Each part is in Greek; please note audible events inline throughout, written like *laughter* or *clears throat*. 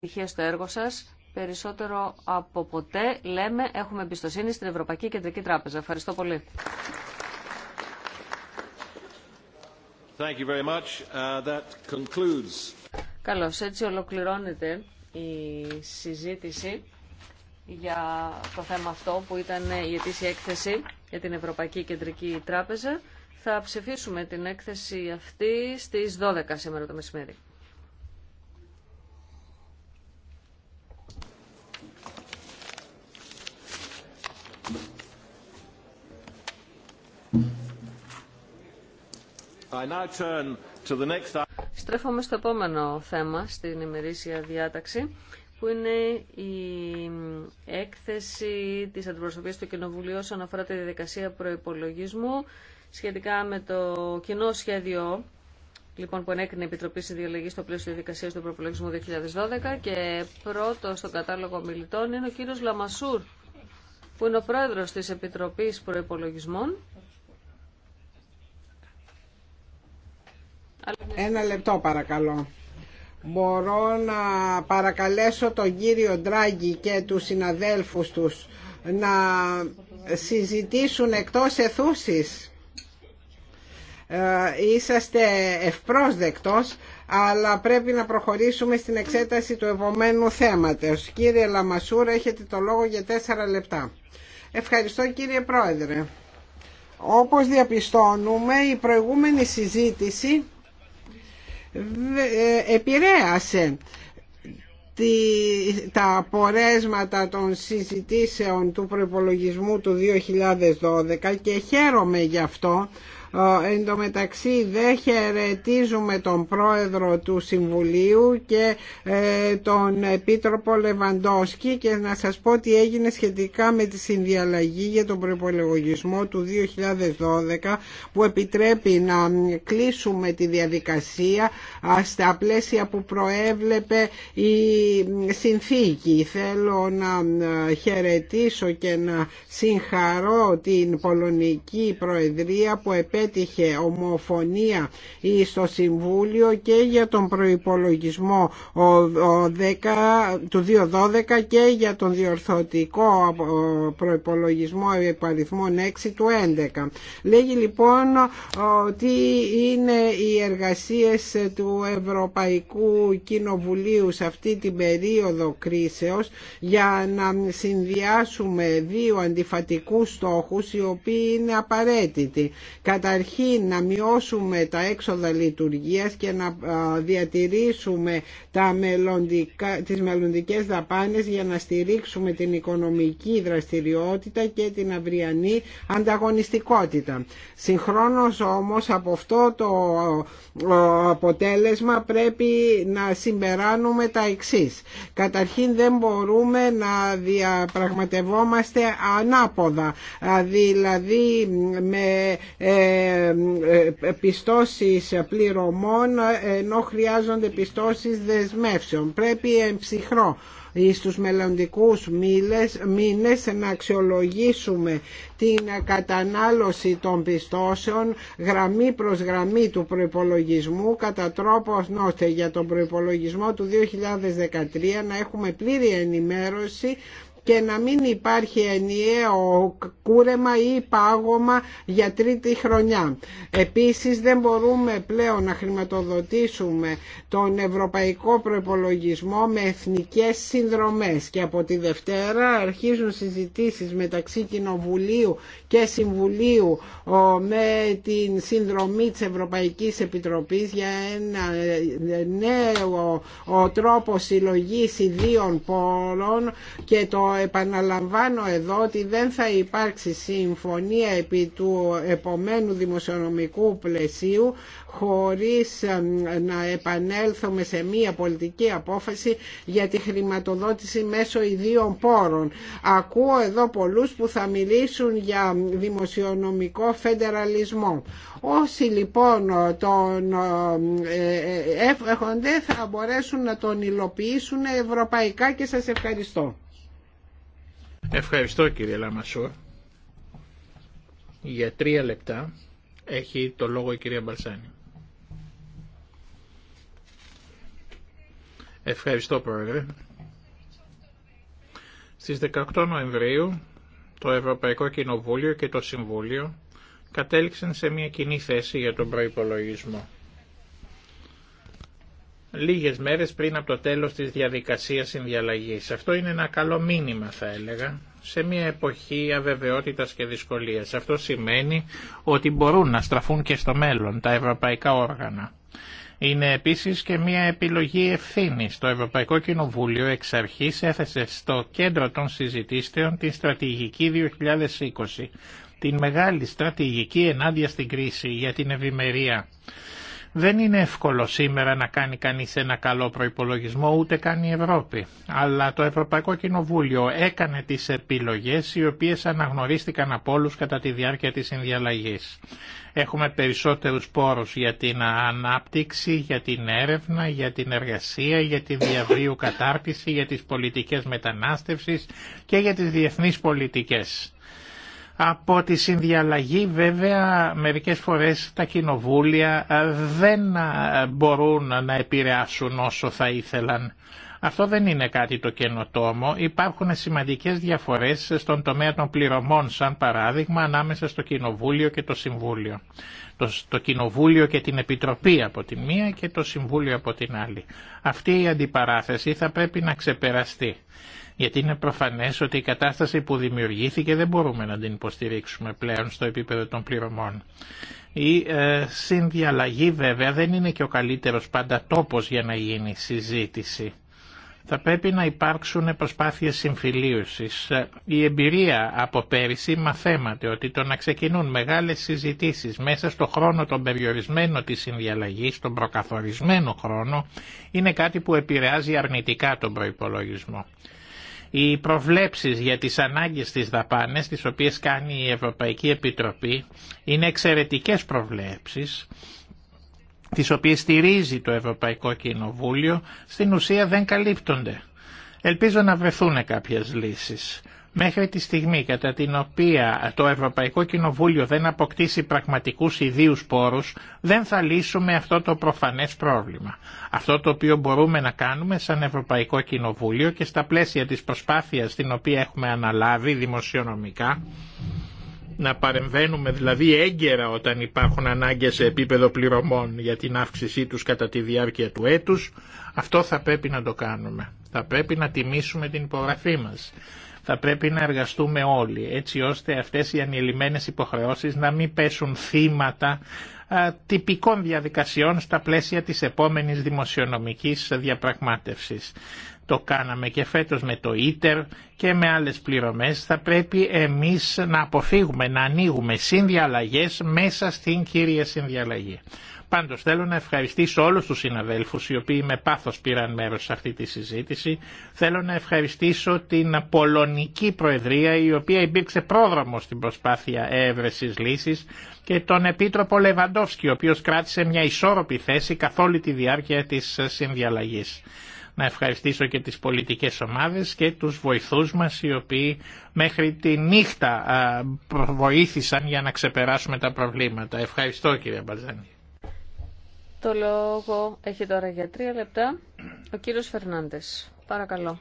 επιτυχία στο έργο σα. Περισσότερο από ποτέ λέμε έχουμε εμπιστοσύνη στην Ευρωπαϊκή Κεντρική Τράπεζα. Ευχαριστώ πολύ. Thank you very much. Uh, that concludes... Καλώς, έτσι ολοκληρώνεται η συζήτηση για το θέμα αυτό που ήταν η ετήσια έκθεση για την Ευρωπαϊκή Κεντρική Τράπεζα. Θα ψηφίσουμε την έκθεση αυτή στις 12 σήμερα το μεσημέρι. Στρέφομαι στο επόμενο θέμα στην ημερήσια διάταξη που είναι η έκθεση της αντιπροσωπείας του Κοινοβουλίου όσον αφορά τη διαδικασία προϋπολογισμού σχετικά με το κοινό σχέδιο λοιπόν, που ενέκρινε η Επιτροπή Συνδιαλλαγής στο πλαίσιο διαδικασίας του προϋπολογισμού 2012 και πρώτο στον κατάλογο μιλητών είναι ο κύριος Λαμασούρ που είναι ο πρόεδρος της Επιτροπής Προϋπολογισμών Ένα λεπτό παρακαλώ. Μπορώ να παρακαλέσω τον κύριο Ντράγκη και τους συναδέλφους τους να συζητήσουν εκτός εθούσης. Ε, είσαστε ευπρόσδεκτος, αλλά πρέπει να προχωρήσουμε στην εξέταση του επομένου θέματος. Κύριε Λαμασούρα, έχετε το λόγο για τέσσερα λεπτά. Ευχαριστώ κύριε Πρόεδρε. Όπως διαπιστώνουμε, η προηγούμενη συζήτηση ε, επηρέασε τα απορέσματα των συζητήσεων του προπολογισμού του 2012 και χαίρομαι γι' αυτό ε, εν τω μεταξύ δεν χαιρετίζουμε τον πρόεδρο του Συμβουλίου και ε, τον Επίτροπο Λεβαντόσκι και να σας πω τι έγινε σχετικά με τη συνδιαλλαγή για τον προπολογισμό του 2012 που επιτρέπει να κλείσουμε τη διαδικασία στα πλαίσια που προέβλεπε η συνθήκη. Θέλω να χαιρετήσω και να συγχαρώ την Πολωνική Προεδρία που επέ επέτυχε ομοφωνία στο Συμβούλιο και για τον προϋπολογισμό του 2012 και για τον διορθωτικό προϋπολογισμό επαριθμών 6 του 11. Λέγει λοιπόν ότι είναι οι εργασίες του Ευρωπαϊκού Κοινοβουλίου σε αυτή την περίοδο κρίσεως για να συνδυάσουμε δύο αντιφατικούς στόχους οι οποίοι είναι απαραίτητοι. Κατά καταρχήν να μειώσουμε τα έξοδα λειτουργίας και να διατηρήσουμε τα μελλοντικά, τις μελλοντικές δαπάνες για να στηρίξουμε την οικονομική δραστηριότητα και την αυριανή ανταγωνιστικότητα. Συγχρόνως όμως από αυτό το αποτέλεσμα πρέπει να συμπεράνουμε τα εξής. Καταρχήν δεν μπορούμε να διαπραγματευόμαστε ανάποδα, δηλαδή με ε, ε, ε, πιστώσεις πληρωμών ενώ χρειάζονται πιστώσεις δεσμεύσεων. Πρέπει εμψυχρό τους μελλοντικούς μήλες, μήνες να αξιολογήσουμε την κατανάλωση των πιστώσεων γραμμή προς γραμμή του προϋπολογισμού κατά τρόπο ώστε για τον προϋπολογισμό του 2013 να έχουμε πλήρη ενημέρωση και να μην υπάρχει ενιαίο κούρεμα ή πάγωμα για τρίτη χρονιά. Επίσης δεν μπορούμε πλέον να χρηματοδοτήσουμε τον ευρωπαϊκό προπολογισμό με εθνικές συνδρομές και από τη Δευτέρα αρχίζουν συζητήσεις μεταξύ Κοινοβουλίου και Συμβουλίου με την συνδρομή της Ευρωπαϊκής Επιτροπής για ένα ε, νέο τρόπο συλλογής ιδίων πόρων και το επαναλαμβάνω εδώ ότι δεν θα υπάρξει συμφωνία επί του επομένου δημοσιονομικού πλαισίου χωρίς να επανέλθουμε σε μία πολιτική απόφαση για τη χρηματοδότηση μέσω ιδίων πόρων. Ακούω εδώ πολλούς που θα μιλήσουν για δημοσιονομικό φεντεραλισμό. Όσοι λοιπόν τον εύχονται θα μπορέσουν να τον υλοποιήσουν ευρωπαϊκά και σας ευχαριστώ. Ευχαριστώ κύριε Λαμασούρ. Για τρία λεπτά έχει το λόγο η κυρία Μπαλσάνη. Ευχαριστώ πρόεδρε. Στις 18 Νοεμβρίου το Ευρωπαϊκό Κοινοβούλιο και το Συμβούλιο κατέληξαν σε μια κοινή θέση για τον προϋπολογισμό λίγες μέρες πριν από το τέλος της διαδικασίας συνδιαλλαγής. Αυτό είναι ένα καλό μήνυμα θα έλεγα σε μια εποχή αβεβαιότητας και δυσκολίας. Αυτό σημαίνει ότι μπορούν να στραφούν και στο μέλλον τα ευρωπαϊκά όργανα. Είναι επίσης και μια επιλογή ευθύνη. Το Ευρωπαϊκό Κοινοβούλιο εξ αρχής έθεσε στο κέντρο των συζητήσεων την στρατηγική 2020, την μεγάλη στρατηγική ενάντια στην κρίση για την ευημερία. Δεν είναι εύκολο σήμερα να κάνει κανείς ένα καλό προϋπολογισμό, ούτε καν η Ευρώπη. Αλλά το Ευρωπαϊκό Κοινοβούλιο έκανε τις επιλογές οι οποίες αναγνωρίστηκαν από όλους κατά τη διάρκεια της συνδιαλλαγής. Έχουμε περισσότερους πόρους για την ανάπτυξη, για την έρευνα, για την εργασία, για τη διαβίου κατάρτιση, για τις πολιτικές μετανάστευσης και για τις διεθνείς πολιτικές. Από τη συνδιαλλαγή βέβαια μερικές φορές τα κοινοβούλια ε, δεν ε, μπορούν να επηρεάσουν όσο θα ήθελαν. Αυτό δεν είναι κάτι το καινοτόμο. Υπάρχουν σημαντικές διαφορές στον τομέα των πληρωμών, σαν παράδειγμα, ανάμεσα στο Κοινοβούλιο και το Συμβούλιο. Το, το Κοινοβούλιο και την Επιτροπή από τη μία και το Συμβούλιο από την άλλη. Αυτή η αντιπαράθεση θα πρέπει να ξεπεραστεί γιατί είναι προφανές ότι η κατάσταση που δημιουργήθηκε δεν μπορούμε να την υποστηρίξουμε πλέον στο επίπεδο των πληρωμών. Η ε, συνδιαλλαγή βέβαια δεν είναι και ο καλύτερος πάντα τόπος για να γίνει συζήτηση. Θα πρέπει να υπάρξουν προσπάθειες συμφιλίωσης. Ε, η εμπειρία από πέρυσι μαθαίμαται ότι το να ξεκινούν μεγάλες συζητήσεις μέσα στο χρόνο τον περιορισμένο της συνδιαλλαγής, τον προκαθορισμένο χρόνο, είναι κάτι που επηρεάζει αρνητικά τον προπολογισμό. Οι προβλέψεις για τις ανάγκες της δαπάνες, τις οποίες κάνει η Ευρωπαϊκή Επιτροπή, είναι εξαιρετικές προβλέψεις, τις οποίες στηρίζει το Ευρωπαϊκό Κοινοβούλιο, στην ουσία δεν καλύπτονται. Ελπίζω να βρεθούν κάποιες λύσεις. Μέχρι τη στιγμή κατά την οποία το Ευρωπαϊκό Κοινοβούλιο δεν αποκτήσει πραγματικούς ιδίους πόρους, δεν θα λύσουμε αυτό το προφανές πρόβλημα. Αυτό το οποίο μπορούμε να κάνουμε σαν Ευρωπαϊκό Κοινοβούλιο και στα πλαίσια της προσπάθειας την οποία έχουμε αναλάβει δημοσιονομικά, να παρεμβαίνουμε δηλαδή έγκαιρα όταν υπάρχουν ανάγκες σε επίπεδο πληρωμών για την αύξησή τους κατά τη διάρκεια του έτους, αυτό θα πρέπει να το κάνουμε. Θα πρέπει να τιμήσουμε την υπογραφή μας θα πρέπει να εργαστούμε όλοι έτσι ώστε αυτές οι ανηλυμένες υποχρεώσεις να μην πέσουν θύματα τυπικών διαδικασιών στα πλαίσια της επόμενης δημοσιονομικής διαπραγμάτευσης. Το κάναμε και φέτος με το ίτερ και με άλλες πληρωμές. Θα πρέπει εμείς να αποφύγουμε, να ανοίγουμε συνδιαλλαγές μέσα στην κύρια συνδιαλλαγή. Πάντω, θέλω να ευχαριστήσω όλου του συναδέλφου, οι οποίοι με πάθο πήραν μέρο σε αυτή τη συζήτηση. Θέλω να ευχαριστήσω την Πολωνική Προεδρία η οποία υπήρξε πρόδρομο στην προσπάθεια έβρεση λύση και τον Επίτροπο Λεβαντόφσκι ο οποίο κράτησε μια ισόρροπη θέση καθ' όλη τη διάρκεια τη συνδιαλλαγή. Να ευχαριστήσω και τις πολιτικές ομάδες και τους βοηθούς μας οι οποίοι μέχρι τη νύχτα βοήθησαν για να ξεπεράσουμε τα προβλήματα. Ευχαριστώ κύριε Μπαλζάνη. Το λόγο έχει τώρα για τρία λεπτά ο κύριος Φερνάντες. Παρακαλώ.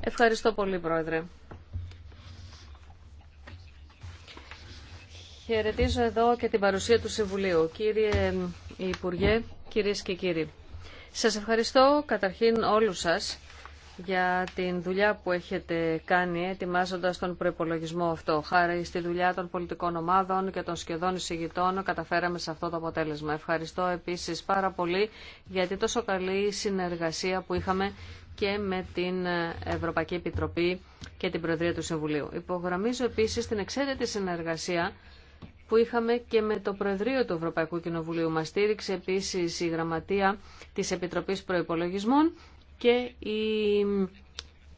Ευχαριστώ πολύ, Πρόεδρε. Χαιρετίζω εδώ και την παρουσία του Συμβουλίου. Κύριε Υπουργέ, κυρίες και κύριοι. Σας ευχαριστώ καταρχήν όλους σας για την δουλειά που έχετε κάνει ετοιμάζοντας τον προπολογισμό αυτό. Χάρη στη δουλειά των πολιτικών ομάδων και των σχεδόν εισηγητών καταφέραμε σε αυτό το αποτέλεσμα. Ευχαριστώ επίσης πάρα πολύ για την τόσο καλή συνεργασία που είχαμε και με την Ευρωπαϊκή Επιτροπή και την Προεδρία του Συμβουλίου. Υπογραμμίζω επίσης την εξαίρετη συνεργασία που είχαμε και με το Προεδρείο του Ευρωπαϊκού Κοινοβουλίου. Μα στήριξε επίση η Γραμματεία τη Επιτροπή Προπολογισμών και οι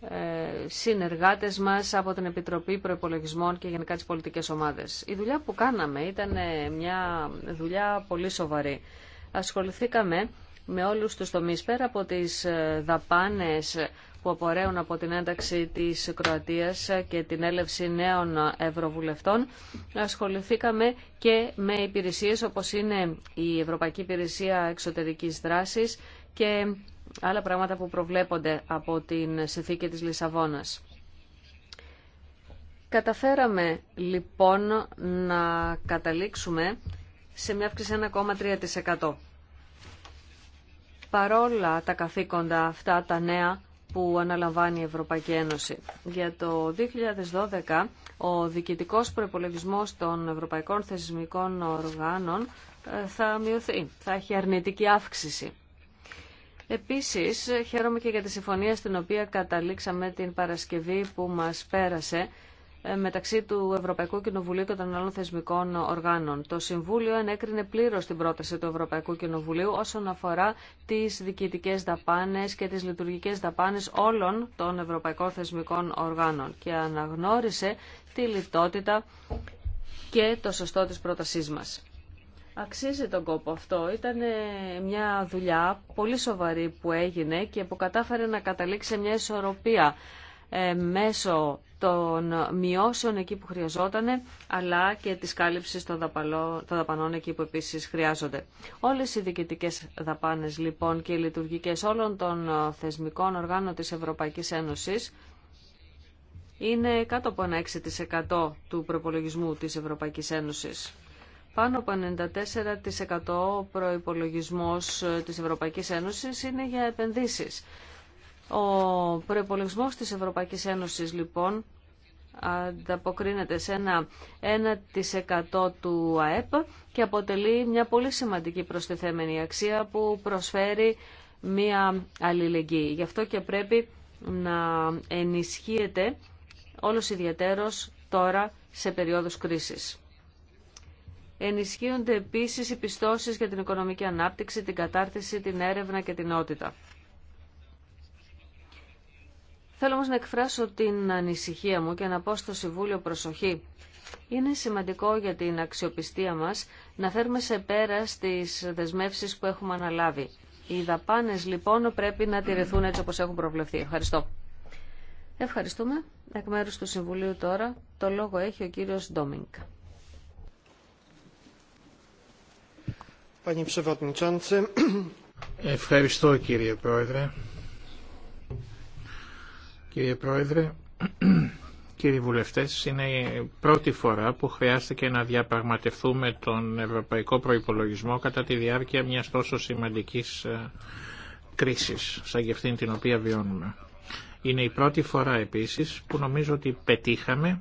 ε, συνεργάτες μας από την Επιτροπή Προϋπολογισμών και γενικά τις πολιτικές ομάδες. Η δουλειά που κάναμε ήταν ε, μια δουλειά πολύ σοβαρή. Ασχοληθήκαμε με όλους τους τομείς πέρα από τις ε, δαπάνες που απορρέουν από την ένταξη της Κροατίας και την έλευση νέων ευρωβουλευτών. Ασχοληθήκαμε και με υπηρεσίες όπως είναι η Ευρωπαϊκή Υπηρεσία Εξωτερικής Δράσης και άλλα πράγματα που προβλέπονται από την συνθήκη της Λισαβόνας. Καταφέραμε λοιπόν να καταλήξουμε σε μια αύξηση 1,3%. Παρόλα τα καθήκοντα αυτά τα νέα που αναλαμβάνει η Ευρωπαϊκή Ένωση. Για το 2012 ο διοικητικός προϋπολογισμός των Ευρωπαϊκών Θεσμικών Οργάνων ε, θα μειωθεί, θα έχει αρνητική αύξηση. Επίσης, χαίρομαι και για τη συμφωνία στην οποία καταλήξαμε την Παρασκευή που μας πέρασε ε, μεταξύ του Ευρωπαϊκού Κοινοβουλίου και των άλλων θεσμικών οργάνων. Το Συμβούλιο ενέκρινε πλήρω την πρόταση του Ευρωπαϊκού Κοινοβουλίου όσον αφορά τι διοικητικέ δαπάνε και τι λειτουργικέ δαπάνε όλων των ευρωπαϊκών θεσμικών οργάνων και αναγνώρισε τη λιτότητα και το σωστό της πρότασής μας. Αξίζει τον κόπο αυτό. Ήταν ε, μια δουλειά πολύ σοβαρή που έγινε και που κατάφερε να καταλήξει σε μια ισορροπία ε, μέσω των μειώσεων εκεί που χρειαζόταν, αλλά και της κάλυψης των, δαπαλό, δαπανών εκεί που επίσης χρειάζονται. Όλες οι διοικητικές δαπάνες λοιπόν και οι λειτουργικές όλων των ε, θεσμικών οργάνων της Ευρωπαϊκής Ένωσης είναι κάτω από ένα 6% του προπολογισμού της Ευρωπαϊκής Ένωσης. Πάνω από 94% ο προϋπολογισμός ε, της Ευρωπαϊκής Ένωσης είναι για επενδύσεις. Ο προϋπολογισμός της Ευρωπαϊκής Ένωσης λοιπόν ανταποκρίνεται σε ένα 1% του ΑΕΠ και αποτελεί μια πολύ σημαντική προστιθέμενη αξία που προσφέρει μια αλληλεγγύη. Γι' αυτό και πρέπει να ενισχύεται όλος ιδιαίτερος τώρα σε περίοδους κρίσης. Ενισχύονται επίσης οι πιστώσεις για την οικονομική ανάπτυξη, την κατάρτιση, την έρευνα και την νότητα. Θέλω όμως να εκφράσω την ανησυχία μου και να πω στο Συμβούλιο προσοχή. Είναι σημαντικό για την αξιοπιστία μας να φέρουμε σε πέρα στις δεσμεύσεις που έχουμε αναλάβει. Οι δαπάνες λοιπόν πρέπει να τηρηθούν έτσι όπως έχουν προβλεφθεί. Ευχαριστώ. Ευχαριστούμε. Εκ μέρους του Συμβουλίου τώρα το λόγο έχει ο κύριος Ντόμινγκ. Ευχαριστώ κύριε Πρόεδρε. Κύριε Πρόεδρε, κύριοι βουλευτές, είναι η πρώτη φορά που χρειάστηκε να διαπραγματευτούμε τον ευρωπαϊκό προϋπολογισμό κατά τη διάρκεια μιας τόσο σημαντικής ε, κρίσης, σαν και αυτήν την οποία βιώνουμε. Είναι η πρώτη φορά επίσης που νομίζω ότι πετύχαμε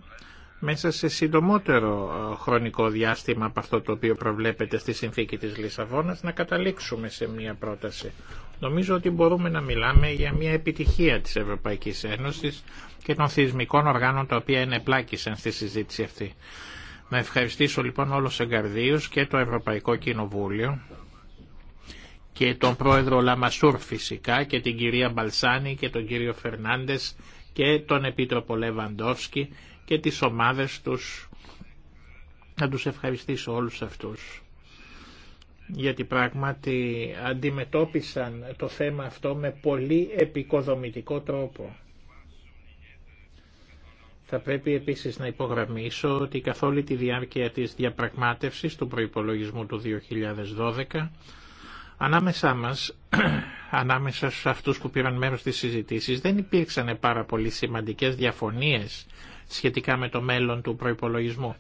μέσα σε συντομότερο ε, χρονικό διάστημα από αυτό το οποίο προβλέπεται στη συνθήκη της Λισαβόνας να καταλήξουμε σε μια πρόταση. Νομίζω ότι μπορούμε να μιλάμε για μια επιτυχία της Ευρωπαϊκής Ένωσης και των θεσμικών οργάνων τα οποία ενεπλάκησαν στη συζήτηση αυτή. Να ευχαριστήσω λοιπόν όλους εγκαρδίους και το Ευρωπαϊκό Κοινοβούλιο και τον πρόεδρο Λαμασούρ φυσικά και την κυρία Μπαλσάνη και τον κύριο Φερνάντες και τον Επίτροπο Λεβαντόφσκι και τις ομάδες τους. Να τους ευχαριστήσω όλους αυτούς γιατί πράγματι αντιμετώπισαν το θέμα αυτό με πολύ επικοδομητικό τρόπο. Θα πρέπει επίσης να υπογραμμίσω ότι καθ' όλη τη διάρκεια της διαπραγμάτευσης του προϋπολογισμού του 2012 ανάμεσά μας ανάμεσα στους αυτούς που πήραν μέρος στις συζητήσεις δεν υπήρξαν πάρα πολύ σημαντικές διαφωνίες σχετικά με το μέλλον του προϋπολογισμού.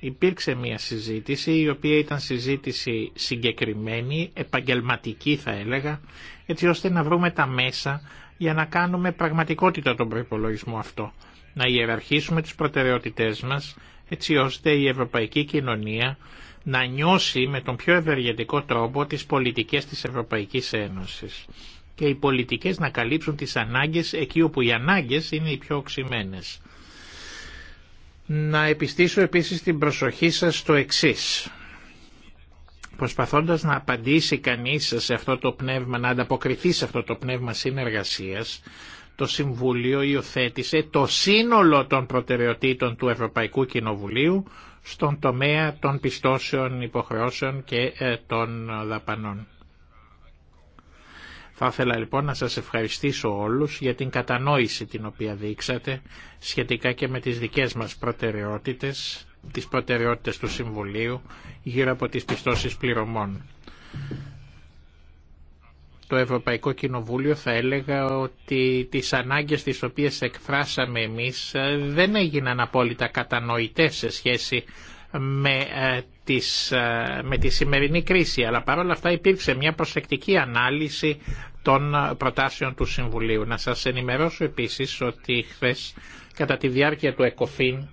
Υπήρξε μια συζήτηση η οποία ήταν συζήτηση συγκεκριμένη, επαγγελματική θα έλεγα, έτσι ώστε να βρούμε τα μέσα για να κάνουμε πραγματικότητα τον προϋπολογισμό αυτό. Να ιεραρχήσουμε τις προτεραιότητές μας έτσι ώστε η ευρωπαϊκή κοινωνία να νιώσει με τον πιο ευεργετικό τρόπο τις πολιτικές της Ευρωπαϊκής Ένωσης και οι πολιτικές να καλύψουν τις ανάγκες εκεί όπου οι ανάγκες είναι οι πιο οξυμένες. Να επιστήσω επίσης την προσοχή σας στο εξής. Προσπαθώντας να απαντήσει κανείς σε αυτό το πνεύμα, να ανταποκριθεί σε αυτό το πνεύμα συνεργασίας, το Συμβούλιο υιοθέτησε το σύνολο των προτεραιοτήτων του Ευρωπαϊκού Κοινοβουλίου στον τομέα των πιστώσεων υποχρεώσεων και ε, των δαπανών. Θα ήθελα λοιπόν να σας ευχαριστήσω όλους για την κατανόηση την οποία δείξατε σχετικά και με τις δικές μας προτεραιότητες, τις προτεραιότητες του Συμβουλίου γύρω από τις πιστώσεις πληρωμών το Ευρωπαϊκό Κοινοβούλιο θα έλεγα ότι τις ανάγκες τις οποίες εκφράσαμε εμείς ε, δεν έγιναν απόλυτα κατανοητές σε σχέση με, ε, τις, ε, με τη σημερινή κρίση. Αλλά παρόλα αυτά υπήρξε μια προσεκτική ανάλυση των προτάσεων του Συμβουλίου. Να σας ενημερώσω επίσης ότι χθε κατά τη διάρκεια του ΕΚΟΦΗΝ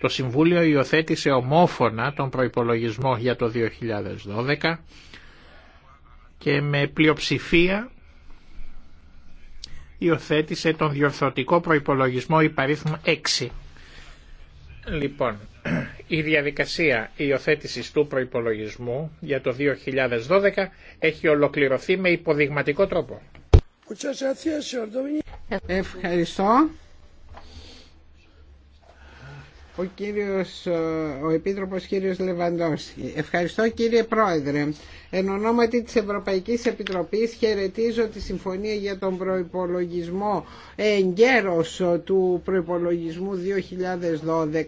το Συμβούλιο υιοθέτησε ομόφωνα τον προϋπολογισμό για το 2012 και με πλειοψηφία υιοθέτησε τον διορθωτικό προϋπολογισμό υπαρίθμου 6. Λοιπόν, η διαδικασία υιοθέτηση του προϋπολογισμού για το 2012 έχει ολοκληρωθεί με υποδειγματικό τρόπο. Ευχαριστώ ο, κύριος, ε, ο Επίτροπος κύριος Ευχαριστώ κύριε Πρόεδρε. Εν ονόματι της Ευρωπαϊκής Επιτροπής χαιρετίζω τη Συμφωνία για τον Προϋπολογισμό εγκαίρος του Προϋπολογισμού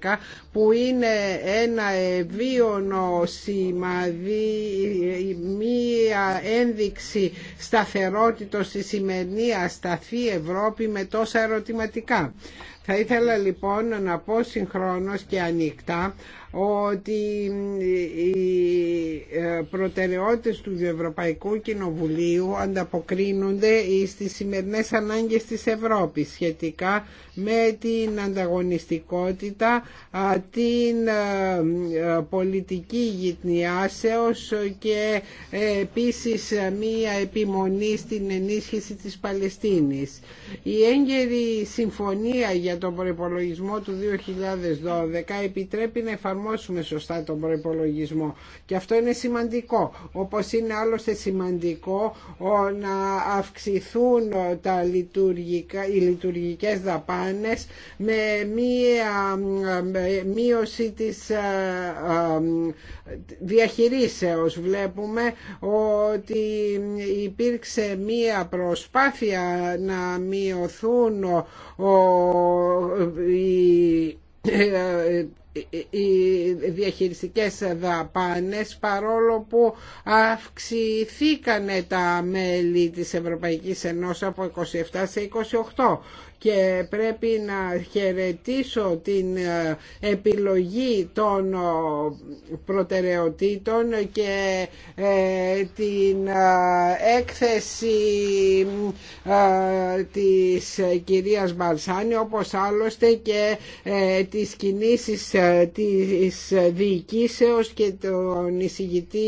2012 που είναι ένα ευίωνο σημαδί, μία ένδειξη σταθερότητος στη σημερινή ασταθή Ευρώπη με τόσα ερωτηματικά. Θα ήθελα λοιπόν να πω συγχρόνως και ανοιχτά ότι οι ε, προτεραιότητες του Ευρωπαϊκού Κοινοβουλίου ανταποκρίνονται στις σημερινές ανάγκες της Ευρώπης σχετικά με την ανταγωνιστικότητα, την ε, ε, πολιτική γυτνιάσεως και επίσης μία επιμονή στην ενίσχυση της Παλαιστίνης. Η έγκαιρη συμφωνία για τον προπολογισμό του 2012 επιτρέπει να εφαρμόσουμε σωστά τον προϋπολογισμό. Και αυτό είναι σημαντικό. Όπως είναι άλλωστε σημαντικό να αυξηθούν τα λειτουργικά, οι λειτουργικές δαπάνες με μία μείωση της ε, ε, διαχειρίσεως. Βλέπουμε ότι υπήρξε μία προσπάθεια να μειωθούν οι ε, οι διαχειριστικές δαπάνες παρόλο που αυξηθήκανε τα μέλη της Ευρωπαϊκής Ενώσης από 27 σε 28 και πρέπει να χαιρετήσω την ε, επιλογή των ε, προτεραιοτήτων και ε, την έκθεση της κυρίας Μπαλσάνη όπως άλλωστε και τις κινήσεις της διοικήσεως και τον εισηγητή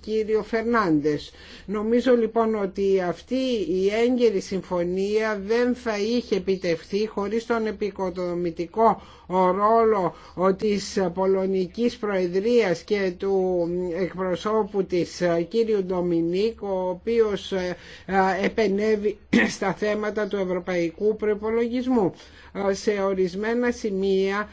κύριο Φερνάντες. Νομίζω λοιπόν ότι αυτή η έγκαιρη συμφωνία δεν θα είχε επιτευχθεί χωρίς τον επικοδομητικό ρόλο της Πολωνικής Προεδρίας και του εκπροσώπου της ε, κύριου Ντομινίκ ο οποίος ε, ε, επενεύει *clears throat* στα θέματα του ευρωπαϊκού προπολογισμού σε ορισμένα σημεία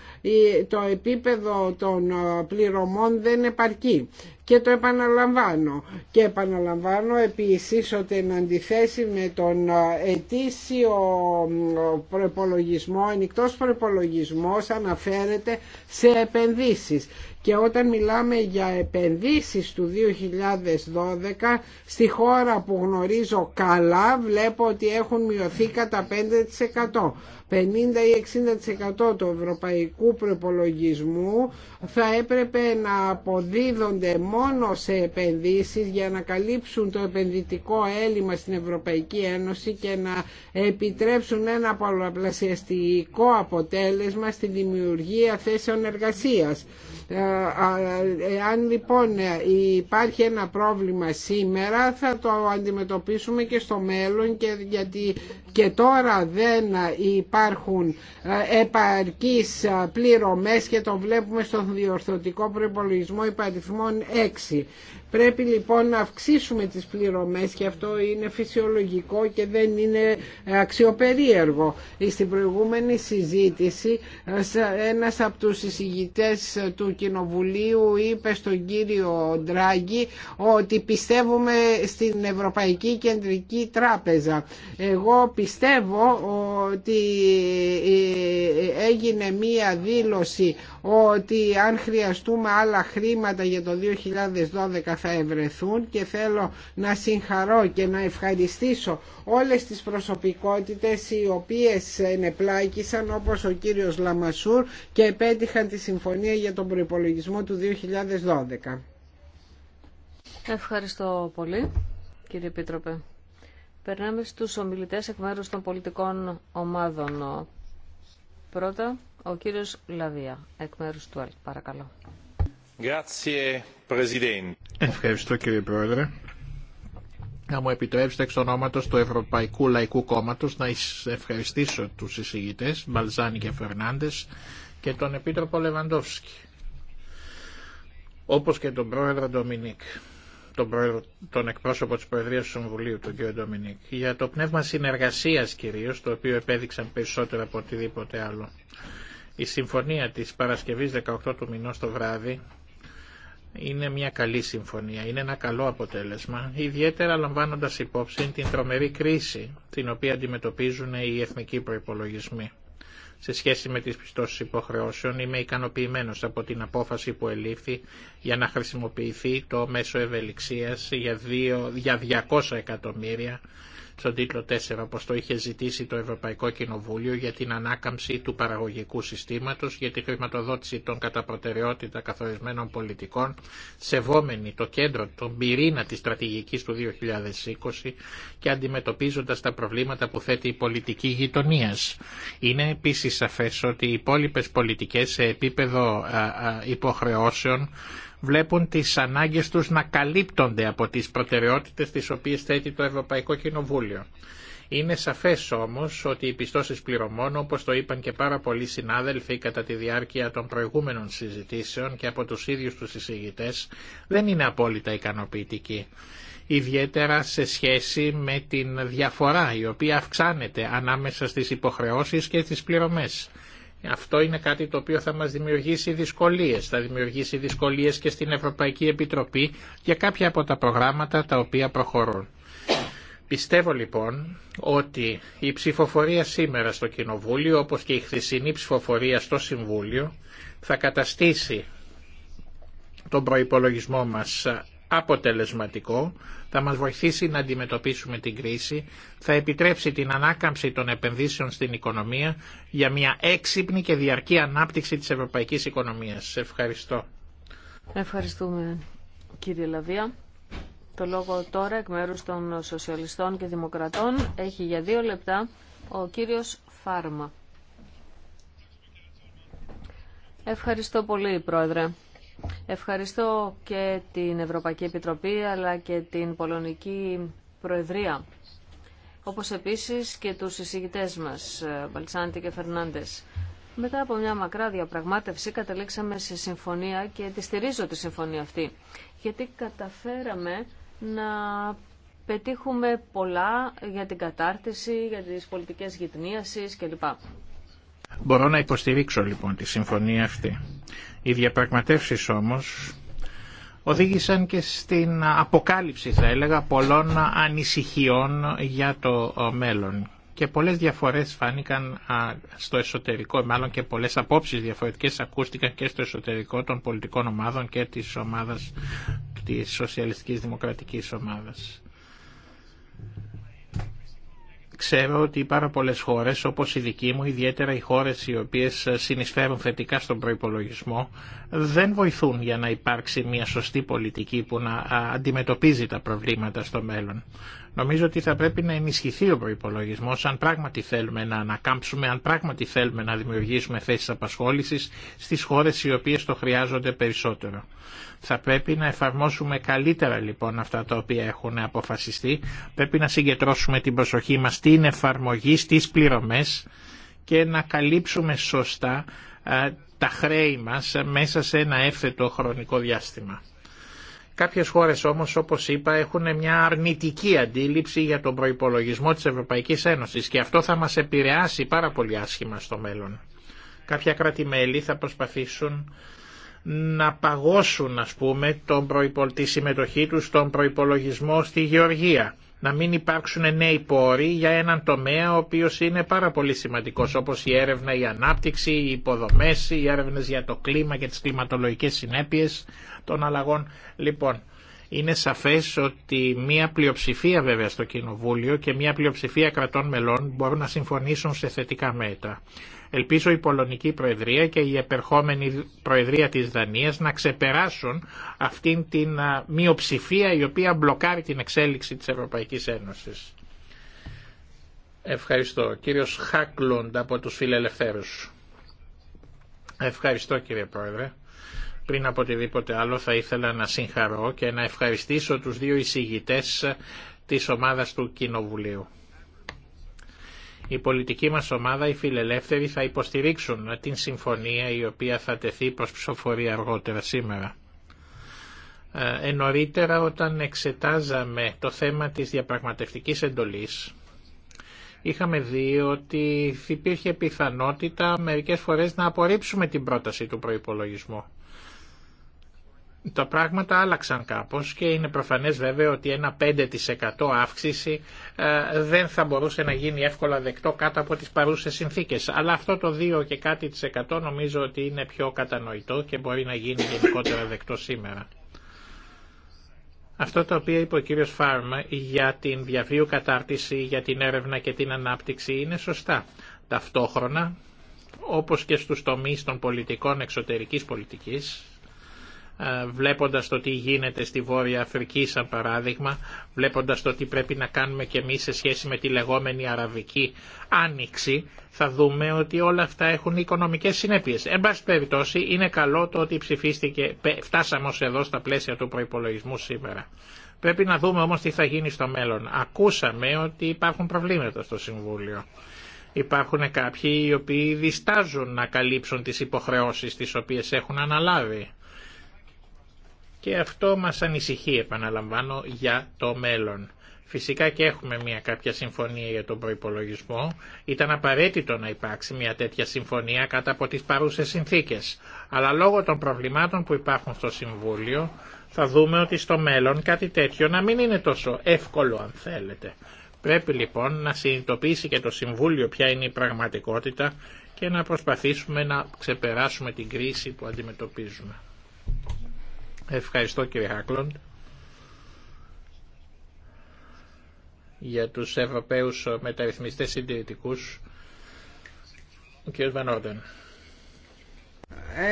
το επίπεδο των ε, πληρωμών δεν επαρκεί. Και το επαναλαμβάνω. Και επαναλαμβάνω επίσης ότι εν αντιθέσει με τον ε, ετήσιο προπολογισμό, ανοιχτός προπολογισμό αναφέρεται σε επενδύσεις. Και όταν μιλάμε για επενδύσεις του 2012, στη χώρα που γνωρίζω καλά βλέπω ότι έχουν μειωθεί κατά 5%. 50 ή 60% του ευρωπαϊκού προπολογισμού θα έπρεπε να αποδίδονται μόνο σε επενδύσεις για να καλύψουν το επενδυτικό έλλειμμα στην Ευρωπαϊκή Ένωση και να επιτρέψουν ένα πολλαπλασιαστικό αποτέλεσμα στη δημιουργία θέσεων εργασίας. Ε, Αν λοιπόν υπάρχει ένα πρόβλημα σήμερα θα το αντιμετωπίσουμε και στο μέλλον και γιατί και τώρα δεν υπάρχουν ε, επαρκείς πληρωμές και το βλέπουμε στον διορθωτικό προϋπολογισμό υπαριθμών 6. Πρέπει λοιπόν να αυξήσουμε τις πληρωμές και αυτό είναι φυσιολογικό και δεν είναι αξιοπερίεργο. Στην προηγούμενη συζήτηση ένας από τους συζητητές του Κοινοβουλίου είπε στον κύριο Ντράγκη ότι πιστεύουμε στην Ευρωπαϊκή Κεντρική Τράπεζα. Εγώ πιστεύω ότι έγινε μία δήλωση ότι αν χρειαστούμε άλλα χρήματα για το 2012 θα ευρεθούν και θέλω να συγχαρώ και να ευχαριστήσω όλες τις προσωπικότητες οι οποίες ενεπλάκησαν όπως ο κύριος Λαμασούρ και επέτυχαν τη συμφωνία για τον προϋπολογισμό του 2012. Ευχαριστώ πολύ κύριε Επίτροπε. Περνάμε στους ομιλητές εκ μέρους των πολιτικών ομάδων. Πρώτα, ο κύριος Λαβία, εκ μέρους του Αλ. Παρακαλώ. Ευχαριστώ κύριε Πρόεδρε. Να μου επιτρέψετε εξ ονόματο του Ευρωπαϊκού Λαϊκού Κόμματο να ευχαριστήσω του εισηγητές Μπαλζάνη και Φερνάντε, και τον Επίτροπο Λεβαντόφσκι. Όπω και τον Πρόεδρο Ντομινίκ, τον, πρόεδρο, τον εκπρόσωπο της Προεδρίας του Συμβουλίου, τον κ. Ντομινίκ, για το πνεύμα συνεργασίας κυρίως, το οποίο επέδειξαν περισσότερο από οτιδήποτε άλλο. Η συμφωνία της παρασκευή 18 του μηνό το βράδυ είναι μια καλή συμφωνία, είναι ένα καλό αποτέλεσμα, ιδιαίτερα λαμβάνοντας υπόψη την τρομερή κρίση την οποία αντιμετωπίζουν οι εθνικοί προϋπολογισμοί. Σε σχέση με τις πιστώσεις υποχρεώσεων είμαι ικανοποιημένος από την απόφαση που ελήφθη για να χρησιμοποιηθεί το μέσο ευελιξίας για 200 εκατομμύρια στον τίτλο 4, όπως το είχε ζητήσει το Ευρωπαϊκό Κοινοβούλιο για την ανάκαμψη του παραγωγικού συστήματος, για τη χρηματοδότηση των κατά προτεραιότητα καθορισμένων πολιτικών, σεβόμενη το κέντρο, τον πυρήνα της στρατηγικής του 2020 και αντιμετωπίζοντας τα προβλήματα που θέτει η πολιτική γειτονία. Είναι επίσης σαφές ότι οι υπόλοιπε πολιτικές σε επίπεδο υποχρεώσεων βλέπουν τις ανάγκες τους να καλύπτονται από τις προτεραιότητες τις οποίες θέτει το Ευρωπαϊκό Κοινοβούλιο. Είναι σαφές όμως ότι οι πιστώσεις πληρωμών, όπως το είπαν και πάρα πολλοί συνάδελφοι κατά τη διάρκεια των προηγούμενων συζητήσεων και από τους ίδιους τους εισηγητές, δεν είναι απόλυτα ικανοποιητικοί. Ιδιαίτερα σε σχέση με την διαφορά η οποία αυξάνεται ανάμεσα στις υποχρεώσεις και τις πληρωμές. Αυτό είναι κάτι το οποίο θα μας δημιουργήσει δυσκολίες. Θα δημιουργήσει δυσκολίες και στην Ευρωπαϊκή Επιτροπή για κάποια από τα προγράμματα τα οποία προχωρούν. Πιστεύω λοιπόν ότι η ψηφοφορία σήμερα στο Κοινοβούλιο όπως και η χθεσινή ψηφοφορία στο Συμβούλιο θα καταστήσει τον προϋπολογισμό μας αποτελεσματικό, θα μας βοηθήσει να αντιμετωπίσουμε την κρίση, θα επιτρέψει την ανάκαμψη των επενδύσεων στην οικονομία για μια έξυπνη και διαρκή ανάπτυξη της ευρωπαϊκής οικονομίας. Ευχαριστώ. Ευχαριστούμε κύριε Λαβία. Το λόγο τώρα εκ μέρους των Σοσιαλιστών και Δημοκρατών έχει για δύο λεπτά ο κύριος Φάρμα. Ευχαριστώ πολύ, Πρόεδρε. Ευχαριστώ και την Ευρωπαϊκή Επιτροπή αλλά και την Πολωνική Προεδρία όπως επίσης και τους εισηγητές μας, Μπαλτσάντη και Φερνάντες. Μετά από μια μακρά διαπραγμάτευση καταλήξαμε σε συμφωνία και τη στηρίζω τη συμφωνία αυτή, γιατί καταφέραμε να πετύχουμε πολλά για την κατάρτιση, για τις πολιτικές γυτνίασεις κλπ. Μπορώ να υποστηρίξω λοιπόν τη συμφωνία αυτή. Οι διαπραγματεύσεις όμως οδήγησαν και στην αποκάλυψη θα έλεγα πολλών ανησυχιών για το μέλλον και πολλές διαφορές φάνηκαν στο εσωτερικό, μάλλον και πολλές απόψεις διαφορετικές ακούστηκαν και στο εσωτερικό των πολιτικών ομάδων και της ομάδας της Σοσιαλιστικής Δημοκρατικής Ομάδας. Ξέρω ότι πάρα πολλές χώρες, όπως η δική μου, ιδιαίτερα οι χώρες οι οποίες συνεισφέρουν θετικά στον προϋπολογισμό, δεν βοηθούν για να υπάρξει μια σωστή πολιτική που να αντιμετωπίζει τα προβλήματα στο μέλλον. Νομίζω ότι θα πρέπει να ενισχυθεί ο προπολογισμό αν πράγματι θέλουμε να ανακάμψουμε, αν πράγματι θέλουμε να δημιουργήσουμε θέσει απασχόληση στι χώρε οι οποίε το χρειάζονται περισσότερο. Θα πρέπει να εφαρμόσουμε καλύτερα λοιπόν αυτά τα οποία έχουν αποφασιστεί. Πρέπει να συγκεντρώσουμε την προσοχή μα στην εφαρμογή, στι πληρωμέ και να καλύψουμε σωστά τα χρέη μας μέσα σε ένα έφετο χρονικό διάστημα. Κάποιες χώρες όμως όπως είπα έχουν μια αρνητική αντίληψη για τον προϋπολογισμό της Ευρωπαϊκής Ένωσης και αυτό θα μας επηρεάσει πάρα πολύ άσχημα στο μέλλον. Κάποια κράτη-μέλη θα προσπαθήσουν να παγώσουν ας πούμε τον τη συμμετοχή τους στον προϋπολογισμό στη Γεωργία να μην υπάρξουν νέοι πόροι για έναν τομέα ο οποίος είναι πάρα πολύ σημαντικός όπως η έρευνα, η ανάπτυξη, οι υποδομές, οι έρευνες για το κλίμα και τις κλιματολογικές συνέπειες των αλλαγών. Λοιπόν, είναι σαφές ότι μια πλειοψηφία βέβαια στο Κοινοβούλιο και μια πλειοψηφία κρατών μελών μπορούν να συμφωνήσουν σε θετικά μέτρα. Ελπίζω η Πολωνική Προεδρία και η επερχόμενη Προεδρία της Δανίας να ξεπεράσουν αυτήν την μειοψηφία η οποία μπλοκάρει την εξέλιξη της Ευρωπαϊκής Ένωσης. Ευχαριστώ. Κύριος Χάκλοντ από τους Φιλελευθέρους. Ευχαριστώ κύριε Πρόεδρε. Πριν από οτιδήποτε άλλο θα ήθελα να συγχαρώ και να ευχαριστήσω τους δύο εισηγητές της ομάδας του Κοινοβουλίου. Η πολιτική μας ομάδα, οι φιλελεύθεροι, θα υποστηρίξουν την συμφωνία η οποία θα τεθεί προς ψηφοφορία αργότερα σήμερα. Ε, ε όταν εξετάζαμε το θέμα της διαπραγματευτικής εντολής, είχαμε δει ότι υπήρχε πιθανότητα μερικές φορές να απορρίψουμε την πρόταση του προϋπολογισμού τα πράγματα άλλαξαν κάπως και είναι προφανές βέβαια ότι ένα 5% αύξηση ε, δεν θα μπορούσε να γίνει εύκολα δεκτό κάτω από τις παρούσες συνθήκες. Αλλά αυτό το 2 και κάτι της 100 νομίζω ότι είναι πιο κατανοητό και μπορεί να γίνει γενικότερα δεκτό σήμερα. Αυτό το οποίο είπε ο κύριος Φάρμ για την διαβίου κατάρτιση, για την έρευνα και την ανάπτυξη είναι σωστά. Ταυτόχρονα, όπως και στους τομείς των πολιτικών εξωτερικής πολιτικής, ε, βλέποντας το τι γίνεται στη Βόρεια Αφρική σαν παράδειγμα, βλέποντας το τι πρέπει να κάνουμε και εμείς σε σχέση με τη λεγόμενη Αραβική Άνοιξη, θα δούμε ότι όλα αυτά έχουν οικονομικές συνέπειες. Εν πάση περιπτώσει είναι καλό το ότι ψηφίστηκε, φτάσαμε ως εδώ στα πλαίσια του προϋπολογισμού σήμερα. Πρέπει να δούμε όμως τι θα γίνει στο μέλλον. Ακούσαμε ότι υπάρχουν προβλήματα στο Συμβούλιο. Υπάρχουν κάποιοι οι οποίοι διστάζουν να καλύψουν τις υποχρεώσεις τις οποίες έχουν αναλάβει και αυτό μας ανησυχεί επαναλαμβάνω για το μέλλον. Φυσικά και έχουμε μια κάποια συμφωνία για τον προϋπολογισμό. Ήταν απαραίτητο να υπάρξει μια τέτοια συμφωνία κατά από τις παρούσες συνθήκες. Αλλά λόγω των προβλημάτων που υπάρχουν στο Συμβούλιο θα δούμε ότι στο μέλλον κάτι τέτοιο να μην είναι τόσο εύκολο αν θέλετε. Πρέπει λοιπόν να συνειδητοποιήσει και το Συμβούλιο ποια είναι η πραγματικότητα και να προσπαθήσουμε να ξεπεράσουμε την κρίση που αντιμετωπίζουμε. Ευχαριστώ κύριε Χάκλον. Για τους Ευρωπαίους μεταρρυθμιστές συντηρητικούς, ο κύριος Βανόρτεν.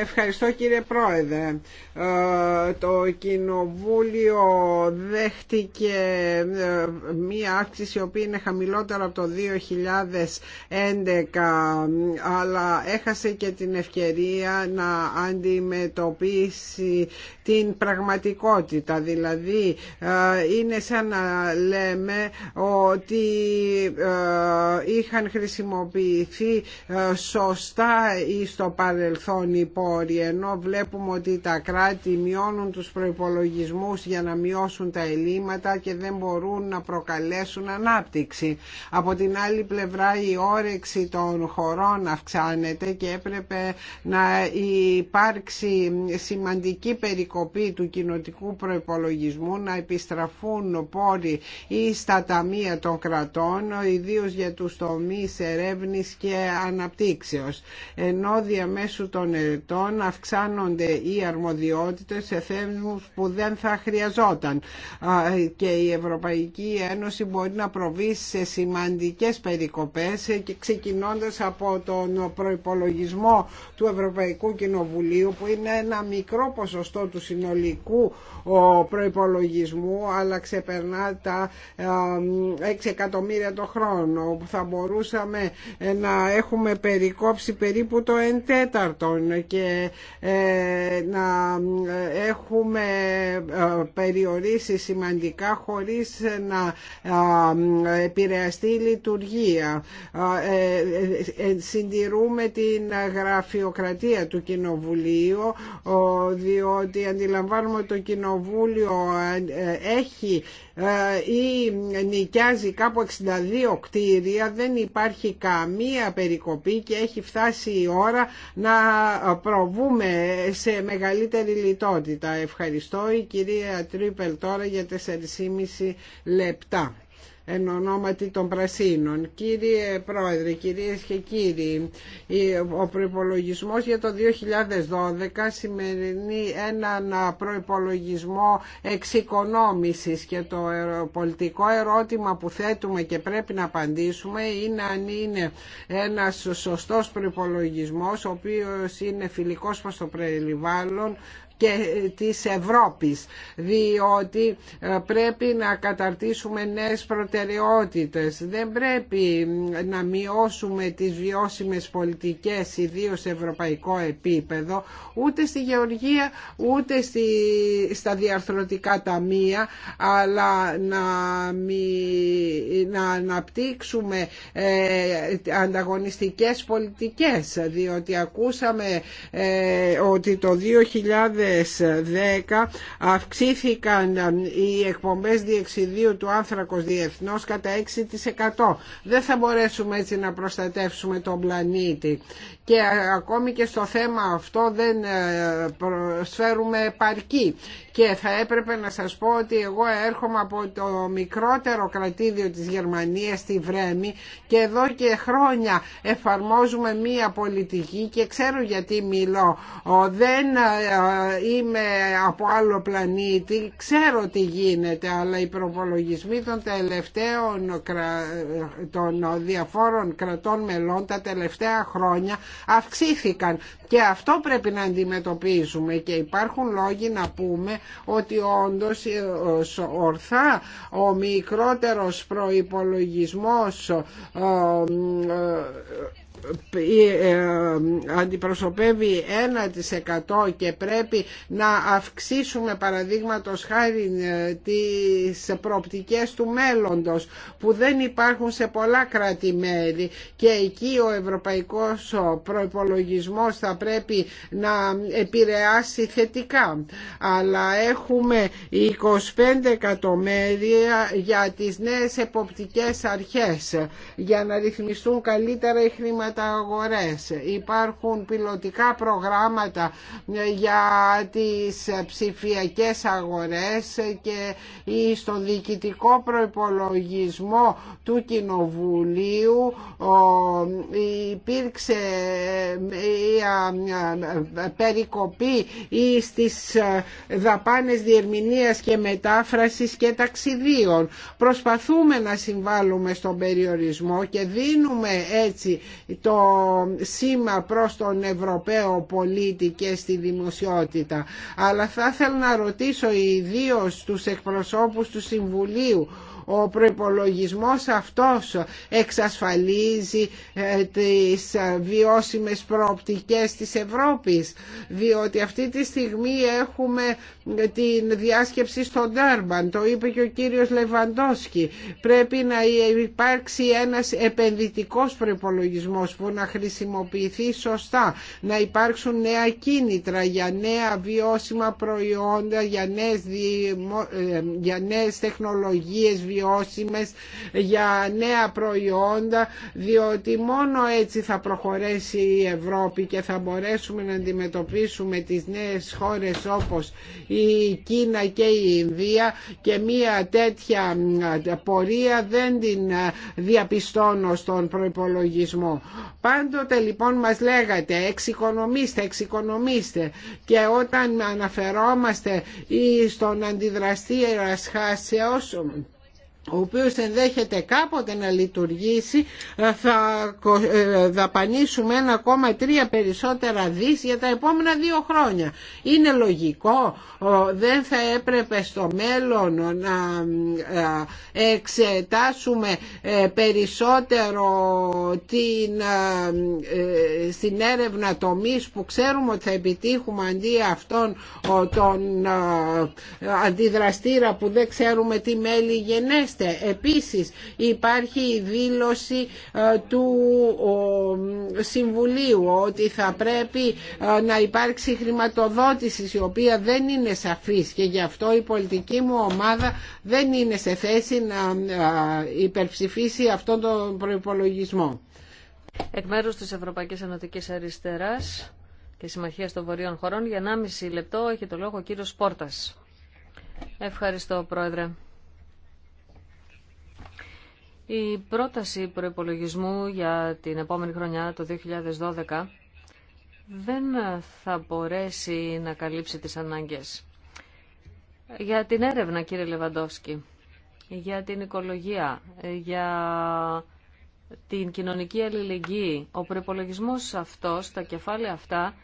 Ευχαριστώ κύριε Πρόεδρε. Ε, το Κοινοβούλιο δέχτηκε ε, μία αύξηση η οποία είναι χαμηλότερα από το 2011 αλλά έχασε και την ευκαιρία να αντιμετωπίσει την πραγματικότητα. Δηλαδή ε, είναι σαν να λέμε ότι είχαν χρησιμοποιηθεί σωστά στο παρελθόν οι πόροι ενώ βλέπουμε ότι τα κράτη μειώνουν τους προϋπολογισμούς για να μειώσουν τα ελλείμματα και δεν μπορούν να προκαλέσουν ανάπτυξη. Από την άλλη πλευρά η όρεξη των χωρών αυξάνεται και έπρεπε να υπάρξει σημαντική περικοπή του κοινοτικού προϋπολογισμού να επιστραφούν πόροι ή στα ταμεία των κρατών ιδίως για τους τομείς ερεύνης και αναπτύξεως. Ενώ διαμέσου των των αυξάνονται οι αρμοδιότητες σε που δεν θα χρειαζόταν και η Ευρωπαϊκή Ένωση μπορεί να προβεί σε σημαντικές περικοπές και ξεκινώντας από τον προϋπολογισμό του Ευρωπαϊκού Κοινοβουλίου που είναι ένα μικρό ποσοστό του συνολικού προϋπολογισμού αλλά ξεπερνά τα 6 εκατομμύρια το χρόνο που θα μπορούσαμε να έχουμε περικόψει περίπου το 1 τέταρτο και ε, να έχουμε ε, περιορίσει σημαντικά χωρίς να επηρεαστεί η λειτουργία. Ε, συντηρούμε την γραφειοκρατία του Κοινοβουλίου διότι αντιλαμβάνουμε ότι το Κοινοβούλιο έχει ε, ή νοικιάζει κάπου 62 κτίρια δεν υπάρχει καμία περικοπή και έχει φτάσει η ώρα να προβούμε σε μεγαλύτερη λιτότητα. Ευχαριστώ η κυρία Τρίπελ τώρα για 4,5 λεπτά εν ονόματι των Πρασίνων. Κύριε Πρόεδρε, κυρίες και κύριοι, ο προϋπολογισμός για το 2012 σημερινή έναν προϋπολογισμό εξοικονόμησης και το πολιτικό ερώτημα που θέτουμε και πρέπει να απαντήσουμε είναι αν είναι ένας σωστός προϋπολογισμός ο οποίος είναι φιλικός προς το περιβάλλον, και της Ευρώπης διότι ε, πρέπει να καταρτήσουμε νέες προτεραιότητες δεν πρέπει να μειώσουμε τις βιώσιμες πολιτικές ιδίως σε ευρωπαϊκό επίπεδο ούτε στη γεωργία ούτε στη, στα διαρθρωτικά ταμεία αλλά να, μη, να αναπτύξουμε ε, ανταγωνιστικές πολιτικές διότι ακούσαμε ε, ότι το 2000 10 αυξήθηκαν ε, οι εκπομπές διεξιδίου του άνθρακος διεθνώς κατά 6%. Δεν θα μπορέσουμε έτσι να προστατεύσουμε τον πλανήτη. Και ε, ακόμη και στο θέμα αυτό δεν ε, προσφέρουμε επαρκή. Και θα έπρεπε να σας πω ότι εγώ έρχομαι από το μικρότερο κρατήδιο της Γερμανίας τη Βρέμη και εδώ και χρόνια εφαρμόζουμε μία πολιτική και ξέρω γιατί μιλώ. Δεν είμαι από άλλο πλανήτη, ξέρω τι γίνεται, αλλά οι προπολογισμοί των τελευταίων των διαφόρων κρατών μελών τα τελευταία χρόνια αυξήθηκαν και αυτό πρέπει να αντιμετωπίσουμε και υπάρχουν λόγοι να πούμε ότι όντως ε, ορθά ο μικρότερος προϋπολογισμός ε, ε, αντιπροσωπεύει 1% και πρέπει να αυξήσουμε παραδείγματος χάρη ε, τις προοπτικές του μέλλοντος που δεν υπάρχουν σε πολλά κράτη-μέρη και εκεί ο ευρωπαϊκός προϋπολογισμός θα πρέπει να επηρεάσει θετικά αλλά έχουμε 25 εκατομμύρια για τις νέες εποπτικές αρχές για να ρυθμιστούν καλύτερα οι Υπάρχουν πιλωτικά προγράμματα για τις ψηφιακές αγορές και στο διοικητικό προϋπολογισμό του Κοινοβουλίου υπήρξε ε, μια ε, περικοπή στις ε, δαπάνες διερμηνίας και μετάφρασης και ταξιδίων. Προσπαθούμε να συμβάλλουμε στον περιορισμό και δίνουμε έτσι το σήμα προς τον Ευρωπαίο πολίτη και στη δημοσιότητα. Αλλά θα ήθελα να ρωτήσω ιδίω τους εκπροσώπους του Συμβουλίου ο προϋπολογισμός αυτός εξασφαλίζει ε, τις ε, βιώσιμες προοπτικές της Ευρώπης διότι αυτή τη στιγμή έχουμε ε, την διάσκεψη στον Τέρμπαν, το είπε και ο κύριος Λεβαντόσκι πρέπει να υπάρξει ένας επενδυτικός προϋπολογισμός που να χρησιμοποιηθεί σωστά να υπάρξουν νέα κίνητρα για νέα βιώσιμα προϊόντα για νέες, για τεχνολογίες βιώσιμες, για νέα προϊόντα, διότι μόνο έτσι θα προχωρέσει η Ευρώπη και θα μπορέσουμε να αντιμετωπίσουμε τις νέες χώρες όπως η Κίνα και η Ινδία και μία τέτοια πορεία δεν την ε, διαπιστώνω στον προϋπολογισμό. Πάντοτε λοιπόν μας λέγατε εξοικονομήστε, εξοικονομήστε και όταν αναφερόμαστε στον αντιδραστήρα χάσεως ο οποίος ενδέχεται κάποτε να λειτουργήσει ε, θα ε, δαπανίσουμε 1,3 περισσότερα δις για τα επόμενα δύο χρόνια. Είναι λογικό, δεν θα έπρεπε στο μέλλον να ε, εξετάσουμε περισσότερο την, στην έρευνα τομής που ξέρουμε ότι θα επιτύχουμε αντί αυτών τον αντιδραστήρα που δεν ξέρουμε τι μέλη γενέστε Επίση, επίσης υπάρχει η δήλωση ε, του Συμβουλίου ότι θα πρέπει ε, να υπάρξει χρηματοδότηση η οποία δεν είναι σαφής και γι' αυτό η πολιτική μου ομάδα δεν είναι σε θέση να ε, υπερψηφίσει αυτόν τον προϋπολογισμό. Εκ μέρους της Ευρωπαϊκής Ανατολικής Αριστεράς και Συμμαχίας των Βορείων Χωρών για 1,5 λεπτό έχει το λόγο ο κύριος Πόρτας. Ευχαριστώ, Πρόεδρε. Η πρόταση προϋπολογισμού για την επόμενη χρονιά, το 2012, δεν θα μπορέσει να καλύψει τις ανάγκες. Για την έρευνα, κύριε Λεβαντόφσκι, για την οικολογία, για την κοινωνική αλληλεγγύη, ο προϋπολογισμός αυτός, τα κεφάλαια αυτά,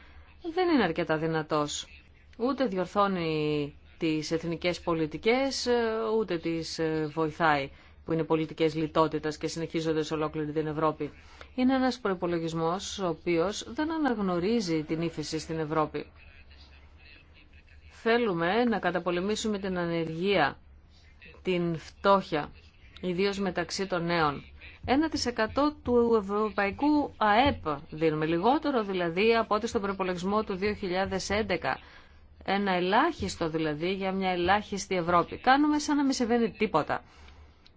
δεν είναι αρκετά δυνατός. Ούτε διορθώνει τις εθνικές πολιτικές, ούτε τις βοηθάει που είναι πολιτικέ λιτότητας και συνεχίζονται σε ολόκληρη την Ευρώπη. Είναι ένα προπολογισμό ο οποίο δεν αναγνωρίζει την ύφεση στην Ευρώπη. Θέλουμε να καταπολεμήσουμε την ανεργία, την φτώχεια, ιδίω μεταξύ των νέων. 1% του ευρωπαϊκού ΑΕΠ δίνουμε, λιγότερο δηλαδή από ό,τι στον προπολογισμό του 2011. Ένα ελάχιστο δηλαδή για μια ελάχιστη Ευρώπη. Κάνουμε σαν να μην συμβαίνει τίποτα.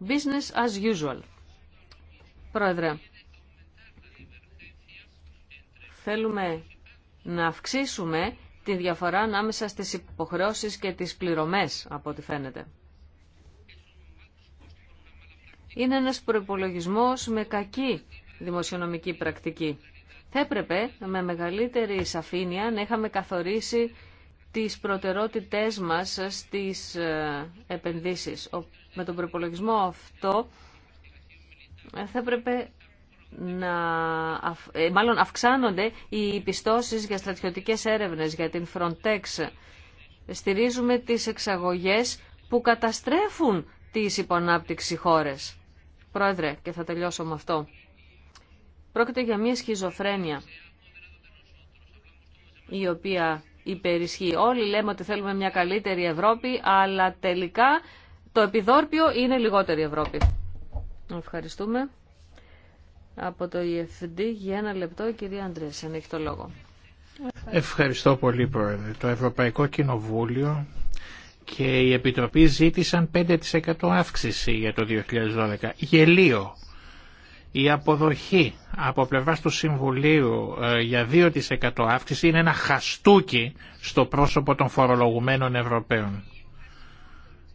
Business as usual. Πρόεδρε, θέλουμε να αυξήσουμε τη διαφορά ανάμεσα στις υποχρεώσεις και τις πληρωμές, από ό,τι φαίνεται. Είναι ένας προπολογισμό με κακή δημοσιονομική πρακτική. Θα έπρεπε με μεγαλύτερη σαφήνεια να είχαμε καθορίσει τις προτεραιότητές μας στις ε, επενδύσεις. Με τον προπολογισμό αυτό ε, θα έπρεπε να, ε, μάλλον αυξάνονται οι πιστώσεις για στρατιωτικές έρευνες, για την Frontex. Στηρίζουμε τις εξαγωγές που καταστρέφουν τις υπονάπτυξη χώρες. Πρόεδρε, και θα τελειώσω με αυτό. Πρόκειται για μια σχιζοφρένεια η οποία υπερισχύει. Όλοι λέμε ότι θέλουμε μια καλύτερη Ευρώπη, αλλά τελικά το επιδόρπιο είναι λιγότερη Ευρώπη. Ευχαριστούμε. Από το EFD για ένα λεπτό η κυρία Αντρέας, αν έχει το λόγο. Ευχαριστώ πολύ Πρόεδρε. Το Ευρωπαϊκό Κοινοβούλιο και η Επιτροπή ζήτησαν 5% αύξηση για το 2012. Γελίο. Η αποδοχή από πλευρά του Συμβουλίου ε, για 2% αύξηση είναι ένα χαστούκι στο πρόσωπο των φορολογουμένων Ευρωπαίων.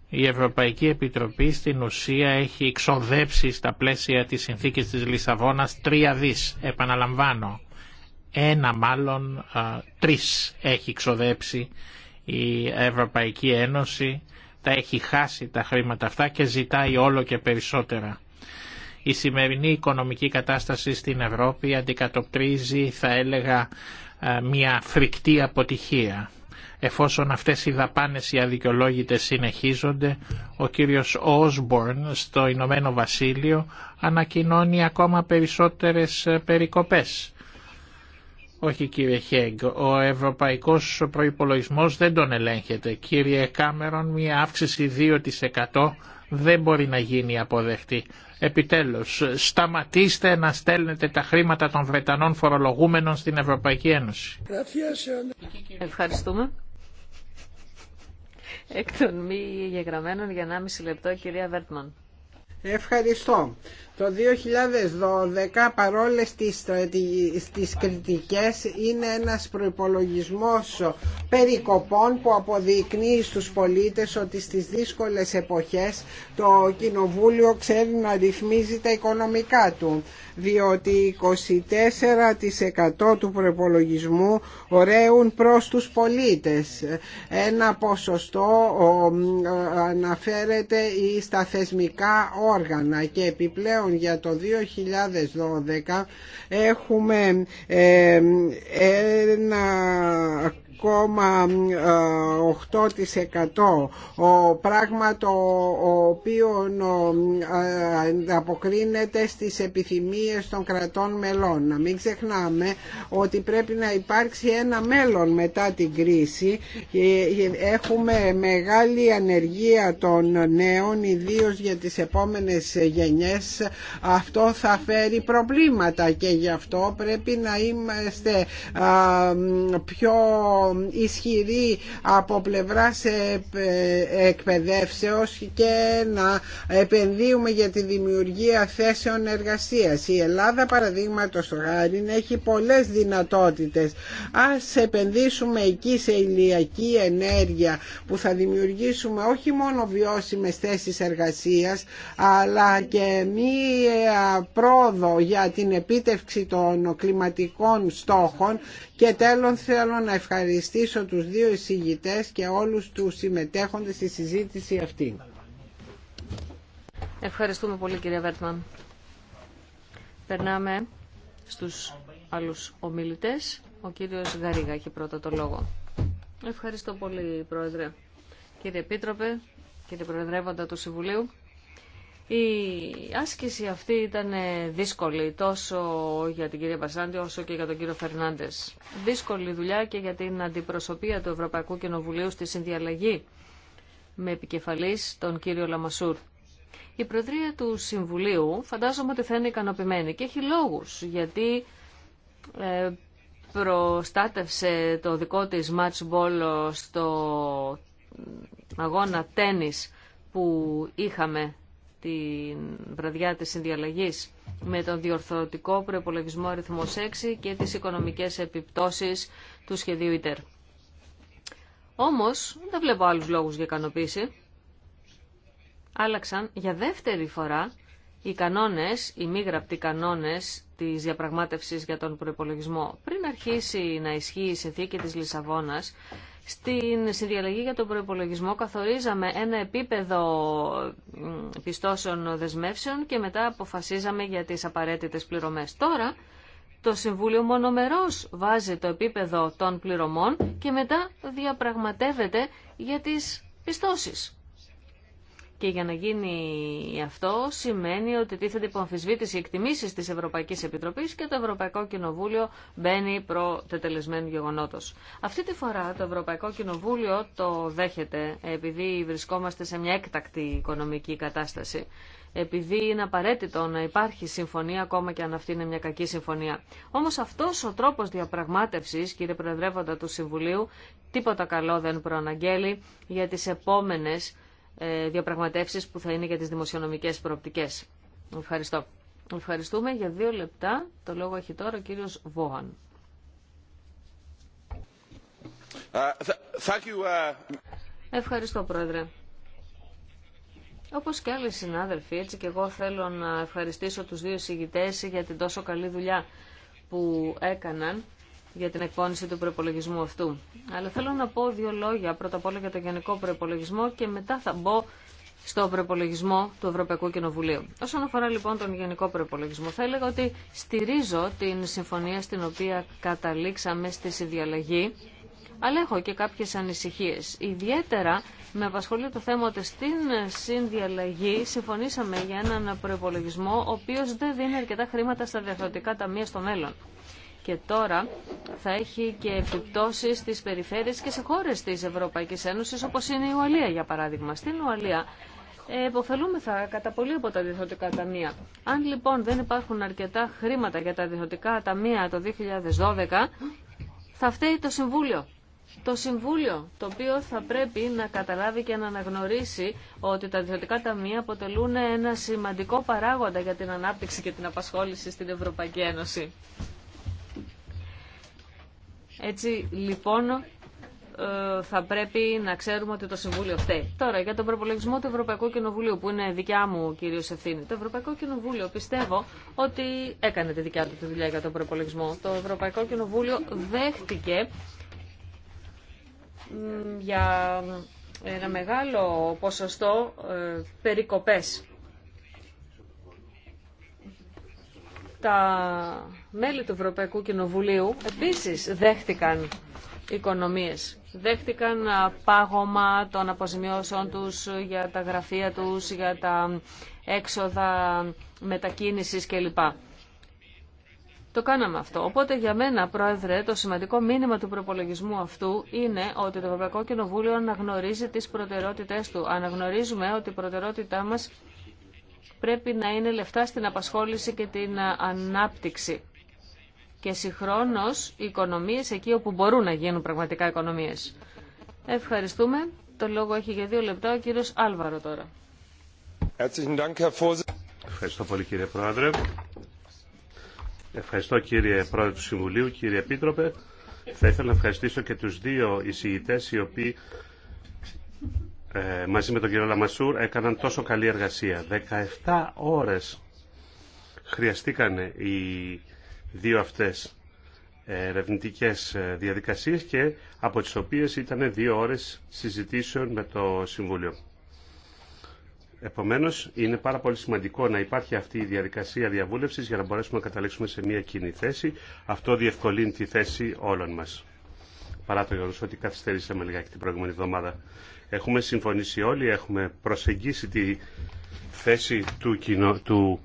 Η Ευρωπαϊκή Επιτροπή στην ουσία έχει εξοδέψει στα πλαίσια της συνθήκης της Λισαβόνας τρία δις, επαναλαμβάνω. Ένα μάλλον ε, τρεις έχει εξοδέψει η Ευρωπαϊκή Ένωση, τα έχει χάσει τα χρήματα αυτά και ζητάει όλο και περισσότερα. Η σημερινή οικονομική κατάσταση στην Ευρώπη αντικατοπτρίζει, θα έλεγα, ε, μια φρικτή αποτυχία. Εφόσον αυτές οι δαπάνες οι αδικαιολόγητες συνεχίζονται, ο κύριος Όσμπορν στο Ηνωμένο Βασίλειο ανακοινώνει ακόμα περισσότερες ε, περικοπές. Όχι κύριε Χέγκ, ο ευρωπαϊκός προϋπολογισμός δεν τον ελέγχεται. Κύριε Κάμερον, μια αύξηση 2% δεν μπορεί να γίνει αποδεκτή. Επιτέλους, σταματήστε να στέλνετε τα χρήματα των Βρετανών φορολογούμενων στην Ευρωπαϊκή Ένωση. Ευχαριστούμε. Εκ των μη γεγραμμένων για 1,5 λεπτό, κυρία Βέρτμαν. Ευχαριστώ. Το 2012 παρόλες τις, τις κριτικές είναι ένας προϋπολογισμός περικοπών που αποδεικνύει στους πολίτες ότι στις δύσκολες εποχές το Κοινοβούλιο ξέρει να ρυθμίζει τα οικονομικά του διότι 24% του προπολογισμού ωραίουν προς τους πολίτες. Ένα ποσοστό αναφέρεται στα θεσμικά όργανα και επιπλέον για το 2012 έχουμε ε, ένα 8% πράγμα το οποίο ε, αποκρίνεται στις επιθυμίες των κρατών μελών. Να μην ξεχνάμε ότι πρέπει να υπάρξει ένα μέλλον μετά την κρίση. Ε, ε, έχουμε μεγάλη ανεργία των νέων, ιδίως για τις επόμενες γενιές. Αυτό θα φέρει προβλήματα και γι' αυτό πρέπει να είμαστε πιο ισχυρή από πλευράς εκπαιδεύσεως και να επενδύουμε για τη δημιουργία θέσεων εργασίας. Η Ελλάδα παραδείγματο χάρη έχει πολλές δυνατότητες. Ας επενδύσουμε εκεί σε ηλιακή ενέργεια που θα δημιουργήσουμε όχι μόνο βιώσιμες θέσεις εργασίας αλλά και μία πρόοδο για την επίτευξη των κλιματικών στόχων και τέλος θέλω να ευχαριστήσω ευχαριστήσω τους δύο εισηγητές και όλους τους συμμετέχοντες στη συζήτηση αυτή. Ευχαριστούμε πολύ κυρία Βέρτμαν. Περνάμε στους άλλους ομιλητές. Ο κύριος Γαρίγα έχει πρώτα το λόγο. Ευχαριστώ πολύ Πρόεδρε. Κύριε Επίτροπε, κύριε Προεδρεύοντα του Συμβουλίου. Η άσκηση αυτή ήταν ε, δύσκολη τόσο για την κυρία Μπασάντη όσο και για τον κύριο Φερνάντε. Δύσκολη δουλειά και για την αντιπροσωπεία του Ευρωπαϊκού Κοινοβουλίου στη συνδιαλλαγή με επικεφαλής τον κύριο Λαμασούρ. Η Προεδρία του Συμβουλίου φαντάζομαι ότι θα είναι ικανοποιημένη και έχει λόγους γιατί ε, προστάτευσε το δικό της match ball στο αγώνα τένις που είχαμε την βραδιά της συνδιαλλαγής με τον διορθωτικό προπολογισμό αριθμό 6 και τις οικονομικές επιπτώσεις του σχεδίου ΙΤΕΡ. Όμως δεν βλέπω άλλους λόγους για ικανοποίηση. Άλλαξαν για δεύτερη φορά οι κανόνες, οι μη γραπτοί κανόνες της διαπραγμάτευσης για τον προπολογισμό. Πριν αρχίσει να ισχύει η συνθήκη της Λισαβόνας, στην συνδιαλλαγή για τον προπολογισμό καθορίζαμε ένα επίπεδο πιστώσεων δεσμεύσεων και μετά αποφασίζαμε για τις απαραίτητες πληρωμές. Τώρα το Συμβούλιο μονομερός βάζει το επίπεδο των πληρωμών και μετά διαπραγματεύεται για τις πιστώσεις. Και για να γίνει αυτό σημαίνει ότι τίθεται υπό αμφισβήτηση εκτιμήσεις της Ευρωπαϊκής Επιτροπής και το Ευρωπαϊκό Κοινοβούλιο μπαίνει προ τετελεσμένου γεγονότος. Αυτή τη φορά το Ευρωπαϊκό Κοινοβούλιο το δέχεται επειδή βρισκόμαστε σε μια έκτακτη οικονομική κατάσταση επειδή είναι απαραίτητο να υπάρχει συμφωνία, ακόμα και αν αυτή είναι μια κακή συμφωνία. Όμω αυτό ο τρόπο διαπραγμάτευση, κύριε Προεδρεύοντα του Συμβουλίου, τίποτα καλό δεν προαναγγέλει για τι επόμενε ε, διαπραγματεύσεις που θα είναι για τις δημοσιονομικές προοπτικές. Ευχαριστώ. Ευχαριστούμε. Για δύο λεπτά το λόγο έχει τώρα ο κύριος Βόαν. Ε, ε. Ευχαριστώ, Πρόεδρε. Όπως και άλλοι συνάδελφοι, έτσι και εγώ θέλω να ευχαριστήσω τους δύο συγητές για την τόσο καλή δουλειά που έκαναν για την εκπόνηση του προπολογισμού αυτού. Αλλά θέλω να πω δύο λόγια πρώτα απ' όλα για το γενικό προπολογισμό και μετά θα μπω στο προπολογισμό του Ευρωπαϊκού Κοινοβουλίου. Όσον αφορά λοιπόν τον γενικό προπολογισμό, θα έλεγα ότι στηρίζω την συμφωνία στην οποία καταλήξαμε στη συνδιαλλαγή, αλλά έχω και κάποιες ανησυχίες. Ιδιαίτερα με απασχολεί το θέμα ότι στην συνδιαλλαγή συμφωνήσαμε για έναν προπολογισμό ο οποίος δεν δίνει αρκετά χρήματα στα διαφορετικά ταμεία στο μέλλον και τώρα θα έχει και επιπτώσει στι περιφέρειες και σε χώρε τη Ευρωπαϊκή Ένωση, όπω είναι η Ουαλία για παράδειγμα. Στην Ουαλία εποφελούμεθα κατά πολύ από τα διεθνωτικά ταμεία. Αν λοιπόν δεν υπάρχουν αρκετά χρήματα για τα διεθνωτικά ταμεία το 2012 θα φταίει το Συμβούλιο. Το Συμβούλιο, το οποίο θα πρέπει να καταλάβει και να αναγνωρίσει ότι τα ιδιωτικά ταμεία αποτελούν ένα σημαντικό παράγοντα για την ανάπτυξη και την απασχόληση στην Ευρωπαϊκή Ένωση. Έτσι λοιπόν ε, θα πρέπει να ξέρουμε ότι το Συμβούλιο φταίει. Τώρα για τον προπολογισμό του Ευρωπαϊκού Κοινοβουλίου που είναι δικιά μου κυρίω ευθύνη. Το Ευρωπαϊκό Κοινοβούλιο πιστεύω ότι έκανε τη δικιά του τη δουλειά για τον προπολογισμό. Το Ευρωπαϊκό Κοινοβούλιο δέχτηκε για ένα μεγάλο ποσοστό ε, περικοπές. Τα μέλη του Ευρωπαϊκού Κοινοβουλίου επίσης δέχτηκαν οικονομίες. Δέχτηκαν πάγωμα των αποζημιώσεων τους για τα γραφεία τους, για τα έξοδα μετακίνησης κλπ. Το κάναμε αυτό. Οπότε για μένα, Πρόεδρε, το σημαντικό μήνυμα του προπολογισμού αυτού είναι ότι το Ευρωπαϊκό Κοινοβούλιο αναγνωρίζει τις προτεραιότητές του. Αναγνωρίζουμε ότι η προτεραιότητά μας πρέπει να είναι λεφτά στην απασχόληση και την ανάπτυξη και συγχρόνω οικονομίες εκεί όπου μπορούν να γίνουν πραγματικά οικονομίες. Ευχαριστούμε. Το λόγο έχει για δύο λεπτά ο κύριος Άλβαρο τώρα. Ευχαριστώ πολύ κύριε Πρόεδρε. Ευχαριστώ κύριε Πρόεδρε του Συμβουλίου, κύριε Επίτροπε. Θα ήθελα να ευχαριστήσω και τους δύο εισηγητέ οι οποίοι ε, μαζί με τον κύριο Λαμασούρ έκαναν τόσο καλή εργασία. 17 ώρες χρειαστήκαν οι δύο αυτές ε, ερευνητικέ ε, διαδικασίες και από τις οποίες ήταν δύο ώρες συζητήσεων με το Συμβούλιο. Επομένως, είναι πάρα πολύ σημαντικό να υπάρχει αυτή η διαδικασία διαβούλευσης για να μπορέσουμε να καταλήξουμε σε μια κοινή θέση. Αυτό διευκολύνει τη θέση όλων μας. Παρά το γεγονός ότι καθυστερήσαμε λιγάκι την προηγούμενη εβδομάδα. Έχουμε συμφωνήσει όλοι, έχουμε προσεγγίσει τη θέση του, κοινο, του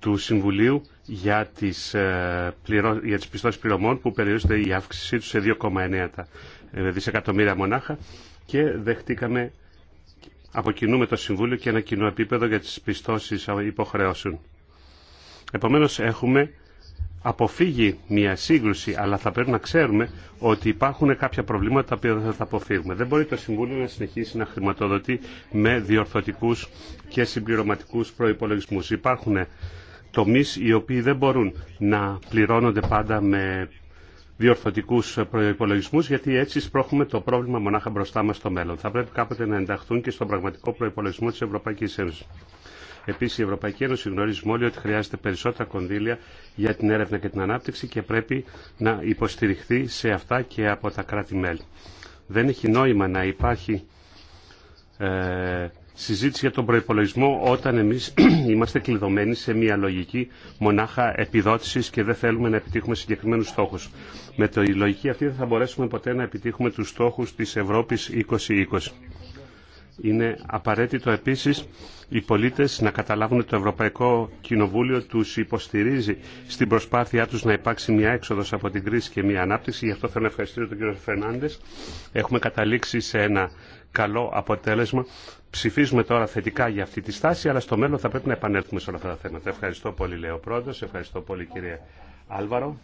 του Συμβουλίου για τις, ε, πληρω... για τις πιστώσεις πληρωμών που περιορίζεται η αύξησή του σε 2,9 δισεκατομμύρια μονάχα και δεχτήκαμε από κοινού με το Συμβούλιο και ένα κοινό επίπεδο για τις πιστώσεις υποχρεώσεων. Επομένως έχουμε αποφύγει μια σύγκρουση, αλλά θα πρέπει να ξέρουμε ότι υπάρχουν κάποια προβλήματα τα οποία δεν θα τα αποφύγουμε. Δεν μπορεί το Συμβούλιο να συνεχίσει να χρηματοδοτεί με διορθωτικούς και συμπληρωματικούς προϋπολογισμούς. Υπάρχουν τομείς οι οποίοι δεν μπορούν να πληρώνονται πάντα με διορθωτικούς προϋπολογισμούς γιατί έτσι σπρώχνουμε το πρόβλημα μονάχα μπροστά μας στο μέλλον. Θα πρέπει κάποτε να ενταχθούν και στον πραγματικό προϋπολογισμό της Ευρωπαϊκής Ένωσης. Επίση, η Ευρωπαϊκή Ένωση γνωρίζει όλοι ότι χρειάζεται περισσότερα κονδύλια για την έρευνα και την ανάπτυξη και πρέπει να υποστηριχθεί σε αυτά και από τα κράτη-μέλη. Δεν έχει νόημα να υπάρχει ε, συζήτηση για τον προπολογισμό όταν εμείς *clears throat* είμαστε κλειδωμένοι σε μια λογική μονάχα επιδότησης και δεν θέλουμε να επιτύχουμε συγκεκριμένους στόχους. Με τη λογική αυτή δεν θα μπορέσουμε ποτέ να επιτύχουμε τους στόχους της Ευρώπης 2020. Είναι απαραίτητο επίσης οι πολίτες να καταλάβουν ότι το Ευρωπαϊκό Κοινοβούλιο τους υποστηρίζει στην προσπάθειά τους να υπάρξει μια έξοδος από την κρίση και μια ανάπτυξη. Γι' αυτό θέλω να ευχαριστήσω τον κύριο Φερνάντες. Έχουμε καταλήξει σε ένα καλό αποτέλεσμα ψηφίζουμε τώρα θετικά για αυτή τη στάση, αλλά στο μέλλον θα πρέπει να επανέλθουμε σε όλα αυτά τα θέματα. Ευχαριστώ πολύ, ο Πρόεδρο. Ευχαριστώ πολύ, κύριε Άλβαρο.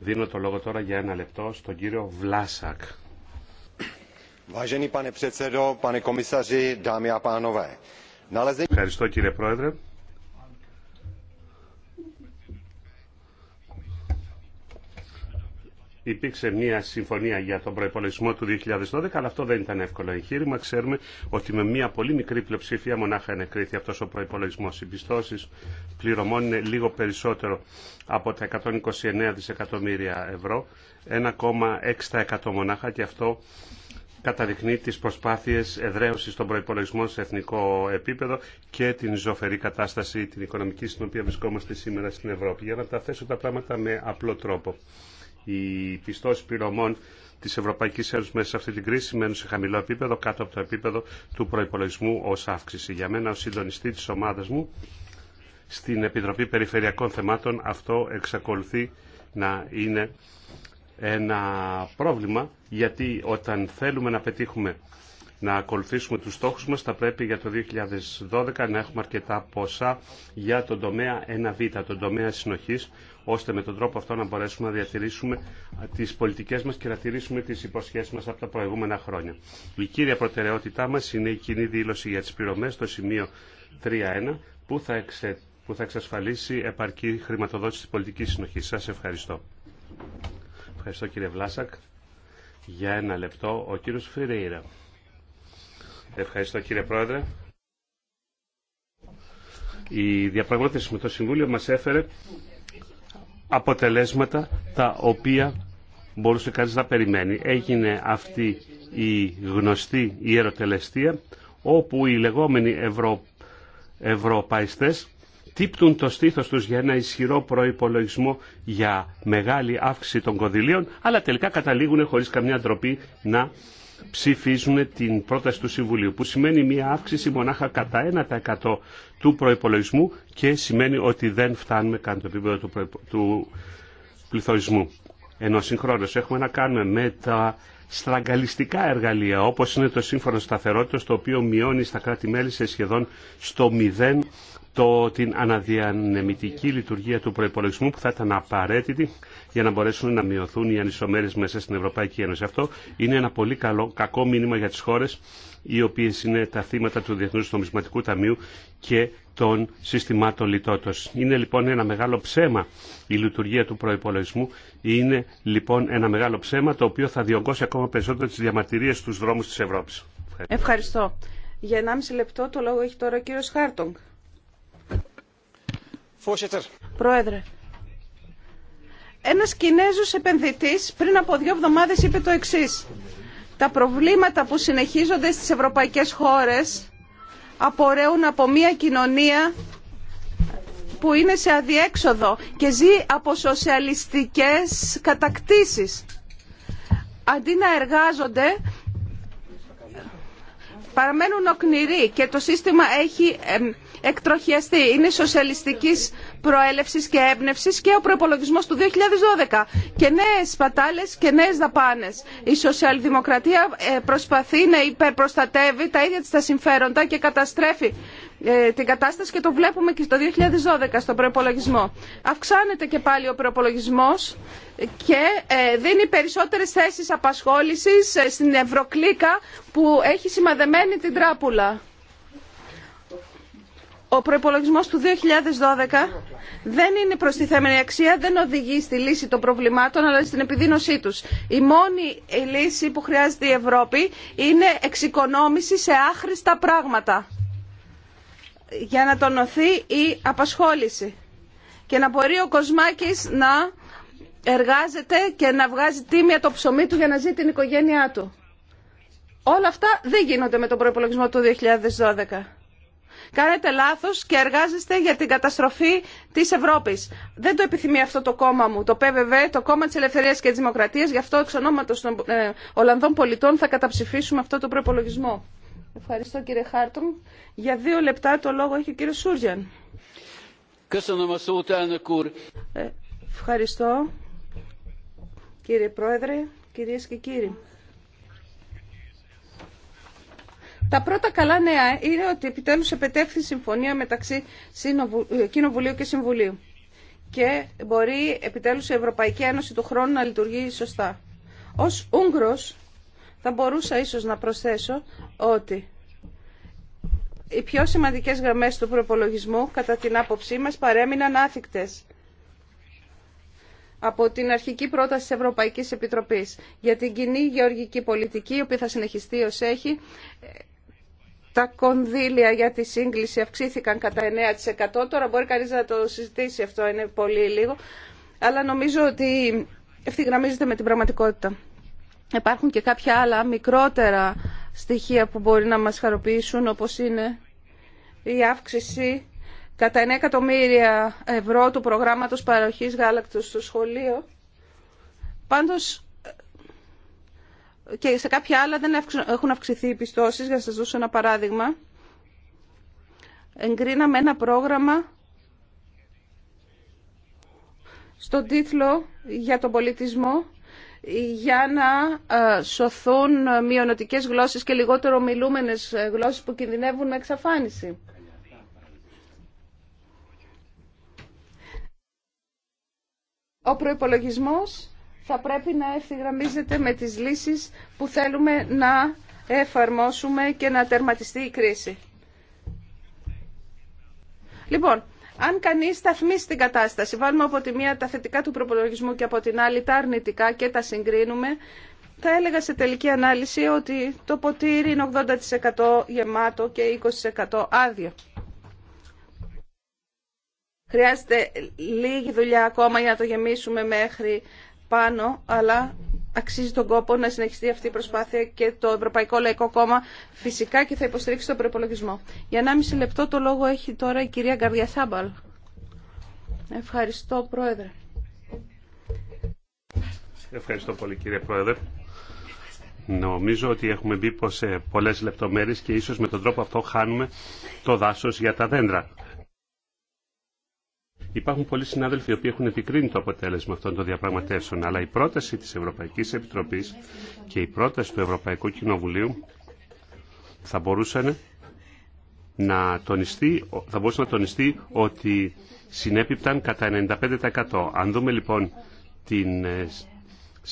Δίνω το λόγο τώρα για ένα λεπτό στον κύριο Βλάσακ. Ευχαριστώ, κύριε Πρόεδρε. υπήρξε μια συμφωνία για τον προπολογισμό του 2012, αλλά αυτό δεν ήταν εύκολο εγχείρημα. Ξέρουμε ότι με μια πολύ μικρή πλειοψηφία μονάχα ενεκρίθη αυτό ο προπολογισμό. Οι πιστώσει πληρωμών είναι λίγο περισσότερο από τα 129 δισεκατομμύρια ευρώ, 1,6% μονάχα και αυτό καταδεικνύει τις προσπάθειες εδραίωσης των προϋπολογισμών σε εθνικό επίπεδο και την ζωφερή κατάσταση την οικονομική στην οποία βρισκόμαστε σήμερα στην Ευρώπη. Για να τα θέσω τα πράγματα με απλό τρόπο οι πιστώσει πληρωμών τη Ευρωπαϊκή Ένωση μέσα σε αυτή την κρίση μένουν σε χαμηλό επίπεδο, κάτω από το επίπεδο του προπολογισμού ω αύξηση. Για μένα, ο συντονιστή τη ομάδα μου στην Επιτροπή Περιφερειακών Θεμάτων, αυτό εξακολουθεί να είναι ένα πρόβλημα, γιατί όταν θέλουμε να πετύχουμε να ακολουθήσουμε τους στόχους μας θα πρέπει για το 2012 να έχουμε αρκετά ποσά για τον τομέα 1β, τον τομέα συνοχής, ώστε με τον τρόπο αυτό να μπορέσουμε να διατηρήσουμε τις πολιτικές μας και να τηρήσουμε τις υποσχέσεις μας από τα προηγούμενα χρόνια. Η κύρια προτεραιότητά μας είναι η κοινή δήλωση για τις πληρωμές στο σημείο 3.1 που που θα εξασφαλίσει επαρκή χρηματοδότηση της πολιτικής συνοχής. Σας ευχαριστώ. Ευχαριστώ κύριε Βλάσακ. Για ένα λεπτό ο κύριος Φιρέιρα. Ευχαριστώ κύριε Πρόεδρε. Η διαπραγμάτευση με το Συμβούλιο μας έφερε αποτελέσματα τα οποία μπορούσε κανείς να περιμένει. Έγινε αυτή η γνωστή ιεροτελεστία όπου οι λεγόμενοι ευρω... ευρωπαϊστές τύπτουν το στήθος τους για ένα ισχυρό προϋπολογισμό για μεγάλη αύξηση των κονδυλίων αλλά τελικά καταλήγουν χωρίς καμιά ντροπή να ψηφίζουν την πρόταση του Συμβουλίου, που σημαίνει μια αύξηση μονάχα κατά 1% του προϋπολογισμού και σημαίνει ότι δεν φτάνουμε καν το επίπεδο του, του πληθωρισμού. Ενώ συγχρόνως έχουμε να κάνουμε με τα στραγγαλιστικά εργαλεία, όπως είναι το Σύμφωνο Σταθερότητας, το οποίο μειώνει στα κράτη-μέλη σε σχεδόν στο μηδέν το, την αναδιανεμητική λειτουργία του προϋπολογισμού που θα ήταν απαραίτητη για να μπορέσουν να μειωθούν οι ανισομέρειε μέσα στην Ευρωπαϊκή Ένωση. Αυτό είναι ένα πολύ καλό, κακό μήνυμα για τι χώρε, οι οποίε είναι τα θύματα του Διεθνούς Νομισματικού Ταμείου και των συστημάτων λιτότητας. Είναι λοιπόν ένα μεγάλο ψέμα η λειτουργία του προϋπολογισμού. Είναι λοιπόν ένα μεγάλο ψέμα το οποίο θα διωγγώσει ακόμα περισσότερο τις διαμαρτυρίες στους δρόμους της Ευρώπης. Ευχαριστώ. Για 1,5 λεπτό το λόγο έχει τώρα ο κύριος Χάρτογκ. Πρόεδρε. Ένα Κινέζος επενδυτή πριν από δύο εβδομάδες είπε το εξή. Τα προβλήματα που συνεχίζονται στις ευρωπαϊκές χώρες απορρέουν από μια κοινωνία που είναι σε αδιέξοδο και ζει από σοσιαλιστικές κατακτήσεις. Αντί να εργάζονται, παραμένουν οκνηροί και το σύστημα έχει εκτροχιαστεί. Είναι σοσιαλιστικής προέλευση και έμπνευση και ο προπολογισμό του 2012 και νέε πατάλες και νέε δαπάνες. Η σοσιαλδημοκρατία ε, προσπαθεί να υπερπροστατεύει τα ίδια τη τα συμφέροντα και καταστρέφει ε, την κατάσταση και το βλέπουμε και το 2012 στον προπολογισμό. Αυξάνεται και πάλι ο προπολογισμό και ε, δίνει περισσότερε θέσει απασχόληση στην Ευρωκλίκα που έχει σημαδεμένη την τράπουλα ο προπολογισμό του 2012 δεν είναι προστιθέμενη αξία, δεν οδηγεί στη λύση των προβλημάτων αλλά στην επιδείνωσή τους. Η μόνη λύση που χρειάζεται η Ευρώπη είναι εξοικονόμηση σε άχρηστα πράγματα για να τονωθεί η απασχόληση και να μπορεί ο Κοσμάκης να εργάζεται και να βγάζει τίμια το ψωμί του για να ζει την οικογένειά του. Όλα αυτά δεν γίνονται με τον προϋπολογισμό του 2012. Κάνετε λάθος και εργάζεστε για την καταστροφή της Ευρώπης. Δεν το επιθυμεί αυτό το κόμμα μου, το ΠΒΒ, το κόμμα της Ελευθερία και τη Δημοκρατίας. Γι' αυτό εξ ονόματο των ε, Ολλανδών πολιτών θα καταψηφίσουμε αυτό το προπολογισμό. Ευχαριστώ κύριε Χάρτον. Για δύο λεπτά το λόγο έχει ο κύριος Σούριαν. Ε, ευχαριστώ κύριε Πρόεδρε, κυρίες και κύριοι. Τα πρώτα καλά νέα είναι ότι επιτέλους επετέφθη συμφωνία μεταξύ ε, Κοινοβουλίου και Συμβουλίου και μπορεί επιτέλους η Ευρωπαϊκή Ένωση του χρόνου να λειτουργεί σωστά. Ως Ούγγρος θα μπορούσα ίσως να προσθέσω ότι οι πιο σημαντικές γραμμές του προπολογισμού κατά την άποψή μας παρέμειναν άθικτες από την αρχική πρόταση της Ευρωπαϊκής Επιτροπής για την κοινή γεωργική πολιτική, η οποία θα συνεχιστεί ως έχει, τα κονδύλια για τη σύγκληση αυξήθηκαν κατά 9%. Τώρα μπορεί κανείς να το συζητήσει αυτό, είναι πολύ λίγο. Αλλά νομίζω ότι ευθυγραμμίζεται με την πραγματικότητα. Υπάρχουν και κάποια άλλα μικρότερα στοιχεία που μπορεί να μας χαροποιήσουν, όπως είναι η αύξηση κατά 9 εκατομμύρια ευρώ του προγράμματος παροχής γάλακτος στο σχολείο. Πάντως, και σε κάποια άλλα δεν έχουν αυξηθεί οι πιστώσεις, για να σας δώσω ένα παράδειγμα. Εγκρίναμε ένα πρόγραμμα στον τίτλο για τον πολιτισμό για να ε, σωθούν μειονοτικές γλώσσες και λιγότερο μιλούμενες ε, γλώσσες που κινδυνεύουν με εξαφάνιση. Ο προϋπολογισμός θα πρέπει να ευθυγραμμίζεται με τις λύσεις που θέλουμε να εφαρμόσουμε και να τερματιστεί η κρίση. Λοιπόν, αν κανείς σταθμίσει την κατάσταση, βάλουμε από τη μία τα θετικά του προπολογισμού και από την άλλη τα αρνητικά και τα συγκρίνουμε, θα έλεγα σε τελική ανάλυση ότι το ποτήρι είναι 80% γεμάτο και 20% άδειο. Χρειάζεται λίγη δουλειά ακόμα για να το γεμίσουμε μέχρι πάνω, αλλά αξίζει τον κόπο να συνεχιστεί αυτή η προσπάθεια και το Ευρωπαϊκό Λαϊκό Κόμμα φυσικά και θα υποστηρίξει τον προπολογισμό. Για 1,5 λεπτό το λόγο έχει τώρα η κυρία Γκαρδιά Σάμπαλ. Ευχαριστώ, Πρόεδρε. Ευχαριστώ πολύ, κύριε Πρόεδρε. Νομίζω ότι έχουμε μπει σε πολλές λεπτομέρειες και ίσως με τον τρόπο αυτό χάνουμε το δάσος για τα δέντρα. Υπάρχουν πολλοί συνάδελφοι οι οποίοι έχουν επικρίνει το αποτέλεσμα αυτών των διαπραγματεύσεων, αλλά η πρόταση της Ευρωπαϊκής Επιτροπής και η πρόταση του Ευρωπαϊκού Κοινοβουλίου θα μπορούσαν να τονιστεί, θα μπορούσε να τονιστεί ότι συνέπιπταν κατά 95%. Αν δούμε λοιπόν την ε,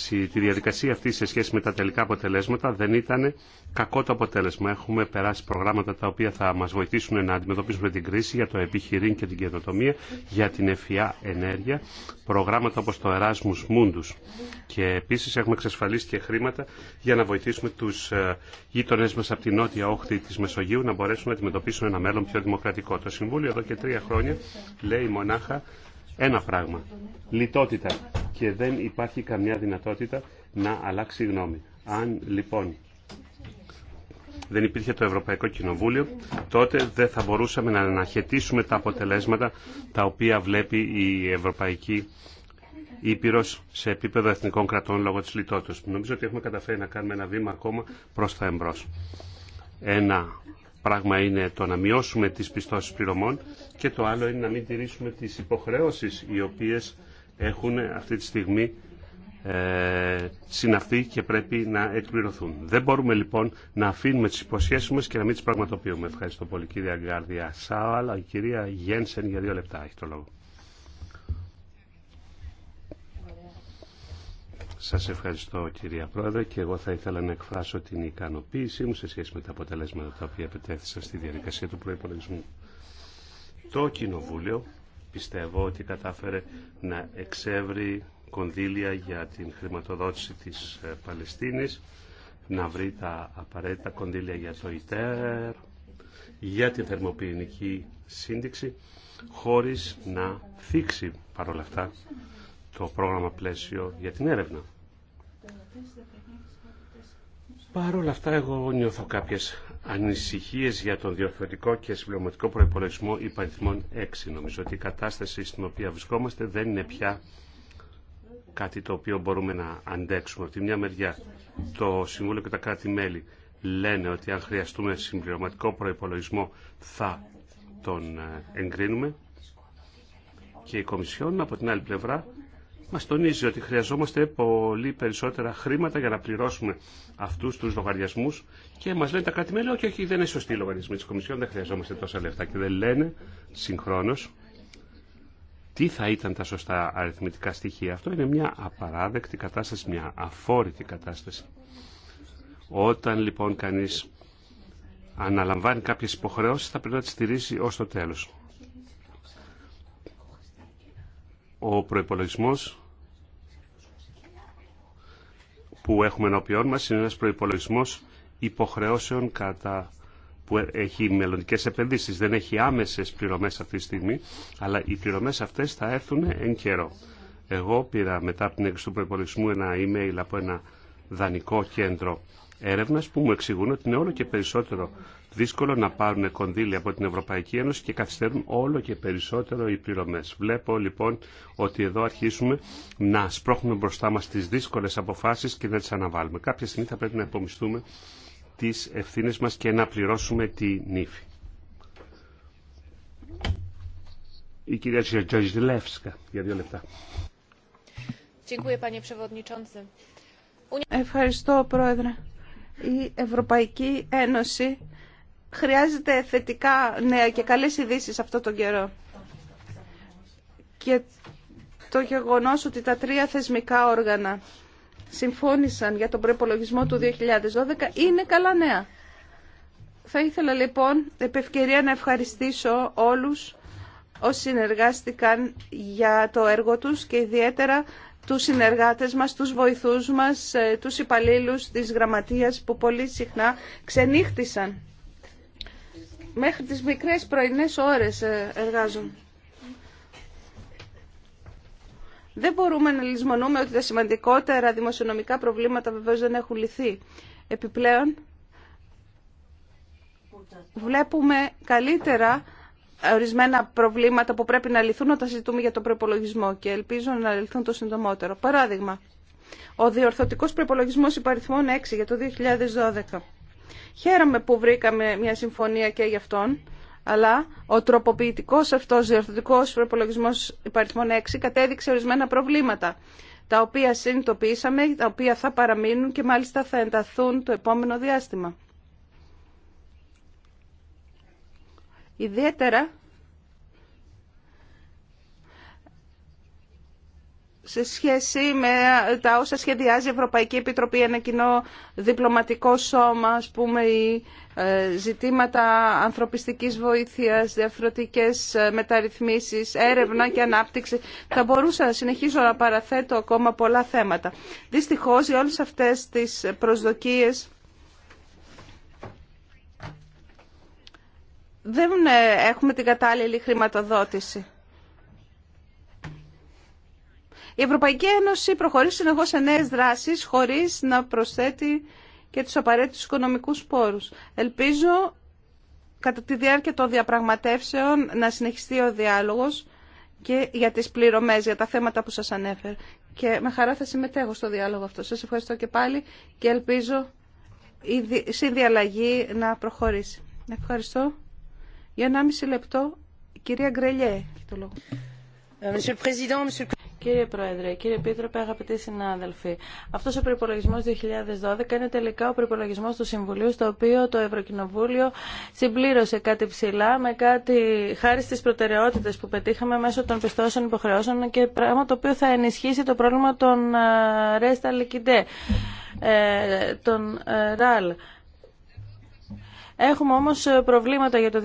τη διαδικασία αυτή σε σχέση με τα τελικά αποτελέσματα δεν ήταν κακό το αποτέλεσμα. Έχουμε περάσει προγράμματα τα οποία θα μας βοηθήσουν να αντιμετωπίσουμε την κρίση για το επιχειρήν και την καινοτομία, για την ευφυά ενέργεια, προγράμματα όπως το Erasmus Mundus. Και επίσης έχουμε εξασφαλίσει και χρήματα για να βοηθήσουμε τους ε, γείτονές μας από την νότια όχθη της Μεσογείου να μπορέσουν να αντιμετωπίσουν ένα μέλλον πιο δημοκρατικό. Το Συμβούλιο εδώ και τρία χρόνια λέει μονάχα ένα πράγμα. Λιτότητα. Και δεν υπάρχει καμιά δυνατότητα να αλλάξει γνώμη. Αν λοιπόν δεν υπήρχε το Ευρωπαϊκό Κοινοβούλιο, τότε δεν θα μπορούσαμε να αναχαιτήσουμε τα αποτελέσματα τα οποία βλέπει η Ευρωπαϊκή Ήπειρος σε επίπεδο εθνικών κρατών λόγω της λιτότητας. Νομίζω ότι έχουμε καταφέρει να κάνουμε ένα βήμα ακόμα προς τα εμπρός. Ένα πράγμα είναι το να μειώσουμε τις πιστώσεις πληρωμών και το άλλο είναι να μην τηρήσουμε τις υποχρεώσεις οι οποίες έχουν αυτή τη στιγμή ε, συναυθεί και πρέπει να εκπληρωθούν. Δεν μπορούμε λοιπόν να αφήνουμε τις υποσχέσεις μας και να μην τις πραγματοποιούμε. Ευχαριστώ πολύ κυρία Γκάρδια αλλά Η κυρία Γένσεν για δύο λεπτά έχει το λόγο. Σας ευχαριστώ κυρία Πρόεδρε και εγώ θα ήθελα να εκφράσω την ικανοποίησή μου σε σχέση με τα αποτελέσματα τα οποία επιτέθησαν στη διαδικασία του προϋπολογισμού. Το Κοινοβούλιο πιστεύω ότι κατάφερε να εξεύρει κονδύλια για την χρηματοδότηση της ε, Παλαιστίνης, να βρει τα απαραίτητα κονδύλια για το ΙΤΕΡ, για την θερμοποιηνική σύνδεξη, χωρίς να θίξει παρόλα αυτά το πρόγραμμα πλαίσιο για την έρευνα. Παρ' όλα αυτά, εγώ νιώθω κάποιε ανησυχίε για τον διορθωτικό και συμπληρωματικό προπολογισμό υπαριθμών 6. Νομίζω ότι η κατάσταση στην οποία βρισκόμαστε δεν είναι πια κάτι το οποίο μπορούμε να αντέξουμε. Από τη μια μεριά, το Συμβούλιο και τα κράτη-μέλη λένε ότι αν χρειαστούμε συμπληρωματικό προπολογισμό θα τον ε, εγκρίνουμε. Και η Κομισιόν από την άλλη πλευρά μας τονίζει ότι χρειαζόμαστε πολύ περισσότερα χρήματα για να πληρώσουμε αυτούς τους λογαριασμούς και μας λένε τα κράτη-μέλη, όχι, όχι, δεν είναι σωστή η λογαριασμή της Κομισιόν, δεν χρειαζόμαστε τόσα λεφτά και δεν λένε συγχρόνως τι θα ήταν τα σωστά αριθμητικά στοιχεία. Αυτό είναι μια απαράδεκτη κατάσταση, μια αφόρητη κατάσταση. Όταν λοιπόν κανείς αναλαμβάνει κάποιες υποχρεώσεις θα πρέπει να τις στηρίζει ως το τέλος. ο προϋπολογισμός που έχουμε ενώπιόν μας είναι ένας προϋπολογισμός υποχρεώσεων κατά που έχει μελλοντικές επενδύσεις. Δεν έχει άμεσες πληρωμές αυτή τη στιγμή, αλλά οι πληρωμές αυτές θα έρθουν εν καιρό. Εγώ πήρα μετά από την έγκριση του προπολογισμού ένα email από ένα δανεικό κέντρο έρευνας που μου εξηγούν ότι είναι όλο και περισσότερο δύσκολο να πάρουν κονδύλια από την Ευρωπαϊκή Ένωση και καθυστερούν όλο και περισσότερο οι πληρωμές. Βλέπω λοιπόν ότι εδώ αρχίσουμε να σπρώχνουμε μπροστά μας τις δύσκολες αποφάσεις και να τις αναβάλουμε. Κάποια στιγμή θα πρέπει να υπομισθούμε τις ευθύνες μας και να πληρώσουμε τη νύφη. Η κυρία για δύο λεπτά. Ευχαριστώ, Πρόεδρε. Η Ευρωπαϊκή Ένωση χρειάζεται θετικά νέα και καλές ειδήσει αυτό τον καιρό. Και το γεγονός ότι τα τρία θεσμικά όργανα συμφώνησαν για τον προπολογισμό του 2012 είναι καλά νέα. Θα ήθελα λοιπόν επ' να ευχαριστήσω όλους όσοι συνεργάστηκαν για το έργο τους και ιδιαίτερα τους συνεργάτες μας, τους βοηθούς μας, ε, τους υπαλλήλους της γραμματείας που πολύ συχνά ξενύχτησαν Μέχρι τις μικρές πρωινές ώρες ε, εργάζομαι. Δεν μπορούμε να λησμονούμε ότι τα σημαντικότερα δημοσιονομικά προβλήματα βεβαίως δεν έχουν λυθεί. Επιπλέον, βλέπουμε καλύτερα ε, ορισμένα προβλήματα που πρέπει να λυθούν όταν συζητούμε για τον προπολογισμό και ελπίζω να λυθούν το συντομότερο. Παράδειγμα, ο διορθωτικός προπολογισμός υπαριθμών 6 για το 2012. Χαίρομαι που βρήκαμε μια συμφωνία και γι' αυτόν, αλλά ο τροποποιητικός αυτός διορθωτικό προπολογισμό υπαριθμών 6 κατέδειξε ορισμένα προβλήματα, τα οποία συνειδητοποιήσαμε, τα οποία θα παραμείνουν και μάλιστα θα ενταθούν το επόμενο διάστημα. Ιδιαίτερα σε σχέση με τα όσα σχεδιάζει η Ευρωπαϊκή Επιτροπή, ένα κοινό διπλωματικό σώμα, ας πούμε, ή ε, ζητήματα ανθρωπιστικής βοήθειας, διαφορετικές ε, μεταρρυθμίσεις, έρευνα και ανάπτυξη. Θα μπορούσα να συνεχίσω να παραθέτω ακόμα πολλά θέματα. Δυστυχώς, για όλες αυτές τις προσδοκίες... Δεν ε, έχουμε την κατάλληλη χρηματοδότηση. Η Ευρωπαϊκή Ένωση προχωρεί συνεχώ σε νέε δράσει χωρί να προσθέτει και του απαραίτητου οικονομικού πόρου. Ελπίζω κατά τη διάρκεια των διαπραγματεύσεων να συνεχιστεί ο διάλογος και για τις πληρωμές, για τα θέματα που σας ανέφερε. Και με χαρά θα συμμετέχω στο διάλογο αυτό. Σα ευχαριστώ και πάλι και ελπίζω η συνδιαλλαγή να προχωρήσει. Ευχαριστώ. Για 1,5 λεπτό, κυρία Γκρελιέ, έχει το λόγο. Ε, Κύριε Πρόεδρε, κύριε Επίτροπε, αγαπητοί συνάδελφοι, αυτό ο προπολογισμό 2012 είναι τελικά ο προπολογισμό του Συμβουλίου, στο οποίο το Ευρωκοινοβούλιο συμπλήρωσε κάτι ψηλά με κάτι χάρη στι προτεραιότητε που πετύχαμε μέσω των πιστώσεων υποχρεώσεων και πράγμα το οποίο θα ενισχύσει το πρόβλημα των ε, Ρέστα Λικιντέ, ε, των ε, ΡΑΛ. Έχουμε όμως ε, προβλήματα για το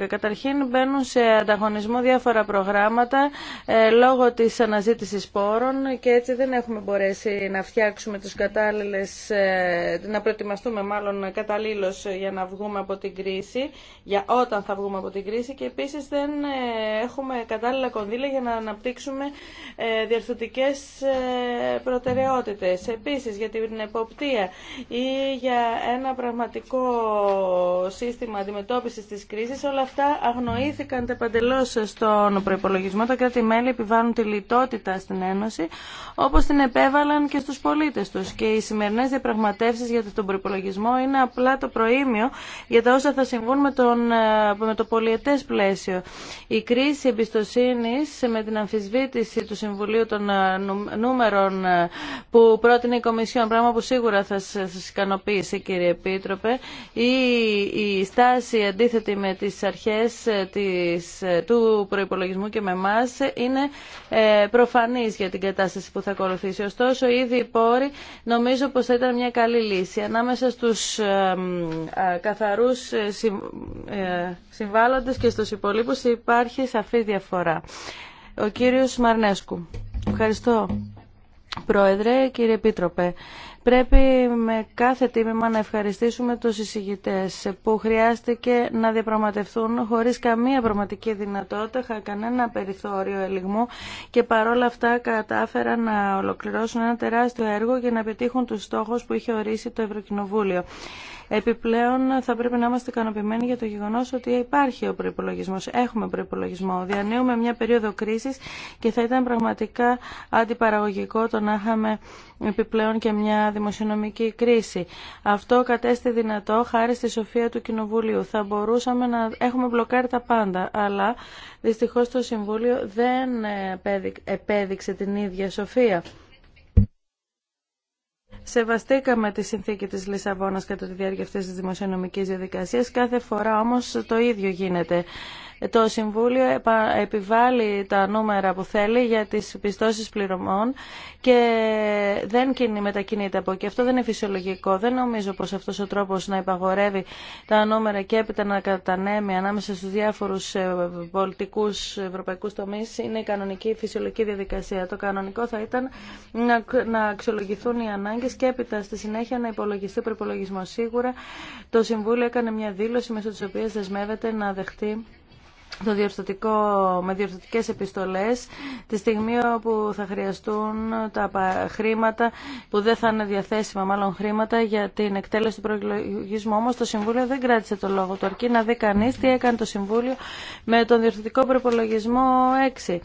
2012. Καταρχήν μπαίνουν σε ανταγωνισμό διάφορα προγράμματα ε, λόγω της αναζήτησης πόρων και έτσι δεν έχουμε μπορέσει να φτιάξουμε τους κατάλληλες, ε, να προετοιμαστούμε μάλλον καταλήλως για να βγούμε από την κρίση, για όταν θα βγούμε από την κρίση και επίσης δεν έχουμε κατάλληλα κονδύλια για να αναπτύξουμε διαρθωτικές προτεραιότητες. Επίσης για την εποπτεία ή για ένα πραγματικό σύστημα αντιμετώπισης της κρίσης, όλα αυτά αγνοήθηκαν τα παντελώς στον προϋπολογισμό. Τα κράτη-μέλη επιβάλλουν τη λιτότητα στην Ένωση, όπως την επέβαλαν και στους πολίτες τους. Και οι σημερινές διαπραγματεύσεις για τον προϋπολογισμό είναι απλά το προήμιο για τα όσα θα συμβούν με, τον, ε, με το πολιετές πλαίσιο. Η κρίση εμπιστοσύνη με την αμφισβήτηση του Συμβουλίου των ε, νούμερων ε, που πρότεινε η Κομισιόν, πράγμα που σίγουρα θα σας ικανοποιήσει κύριε Επίτροπε, η η στάση αντίθετη με τις αρχές ε, ε, του προϋπολογισμού και με εμά είναι ε, προφανής για την κατάσταση που θα ακολουθήσει. Ωστόσο, ήδη οι πόροι νομίζω πως θα ήταν μια καλή λύση. Ανάμεσα στους καθαρούς συμβάλλοντες και στους υπολείπους υπάρχει σαφή διαφορά. Ο κύριος Μαρνέσκου. Ευχαριστώ, Πρόεδρε, κύριε Επίτροπε. Πρέπει με κάθε τίμημα να ευχαριστήσουμε τους εισηγητές που χρειάστηκε να διαπραγματευτούν χωρίς καμία πραγματική δυνατότητα, κανένα περιθώριο ελιγμού και παρόλα αυτά κατάφεραν να ολοκληρώσουν ένα τεράστιο έργο για να πετύχουν τους στόχους που είχε ορίσει το Ευρωκοινοβούλιο. Επιπλέον θα πρέπει να είμαστε ικανοποιημένοι για το γεγονό ότι υπάρχει ο προπολογισμό. Έχουμε προπολογισμό. Διανύουμε μια περίοδο κρίση και θα ήταν πραγματικά αντιπαραγωγικό το να είχαμε επιπλέον και μια δημοσιονομική κρίση. Αυτό κατέστη δυνατό χάρη στη σοφία του Κοινοβουλίου. Θα μπορούσαμε να έχουμε μπλοκάρει τα πάντα, αλλά δυστυχώς το Συμβούλιο δεν επέδειξε την ίδια σοφία. Σεβαστήκαμε τη συνθήκη της Λισαβόνας κατά τη διάρκεια αυτής της δημοσιονομικής διαδικασίας. Κάθε φορά όμως το ίδιο γίνεται το Συμβούλιο επιβάλλει τα νούμερα που θέλει για τις πιστώσεις πληρωμών και δεν μετακινείται από εκεί. Αυτό δεν είναι φυσιολογικό. Δεν νομίζω πως αυτός ο τρόπος να υπαγορεύει τα νούμερα και έπειτα να κατανέμει ανάμεσα στους διάφορους ε, πολιτικούς ευρωπαϊκούς τομείς είναι η κανονική φυσιολογική διαδικασία. Το κανονικό θα ήταν να αξιολογηθούν οι ανάγκες και έπειτα στη συνέχεια να υπολογιστεί προπολογισμό. Σίγουρα το Συμβούλιο έκανε μια δήλωση μέσω της οποίας δεσμεύεται να δεχτεί το διορθωτικό, με διορθωτικές επιστολές τη στιγμή όπου θα χρειαστούν τα χρήματα που δεν θα είναι διαθέσιμα μάλλον χρήματα για την εκτέλεση του προεκλογισμού όμως το Συμβούλιο δεν κράτησε το λόγο του αρκεί να δει κανείς τι έκανε το Συμβούλιο με τον διορθωτικό προπολογισμό 6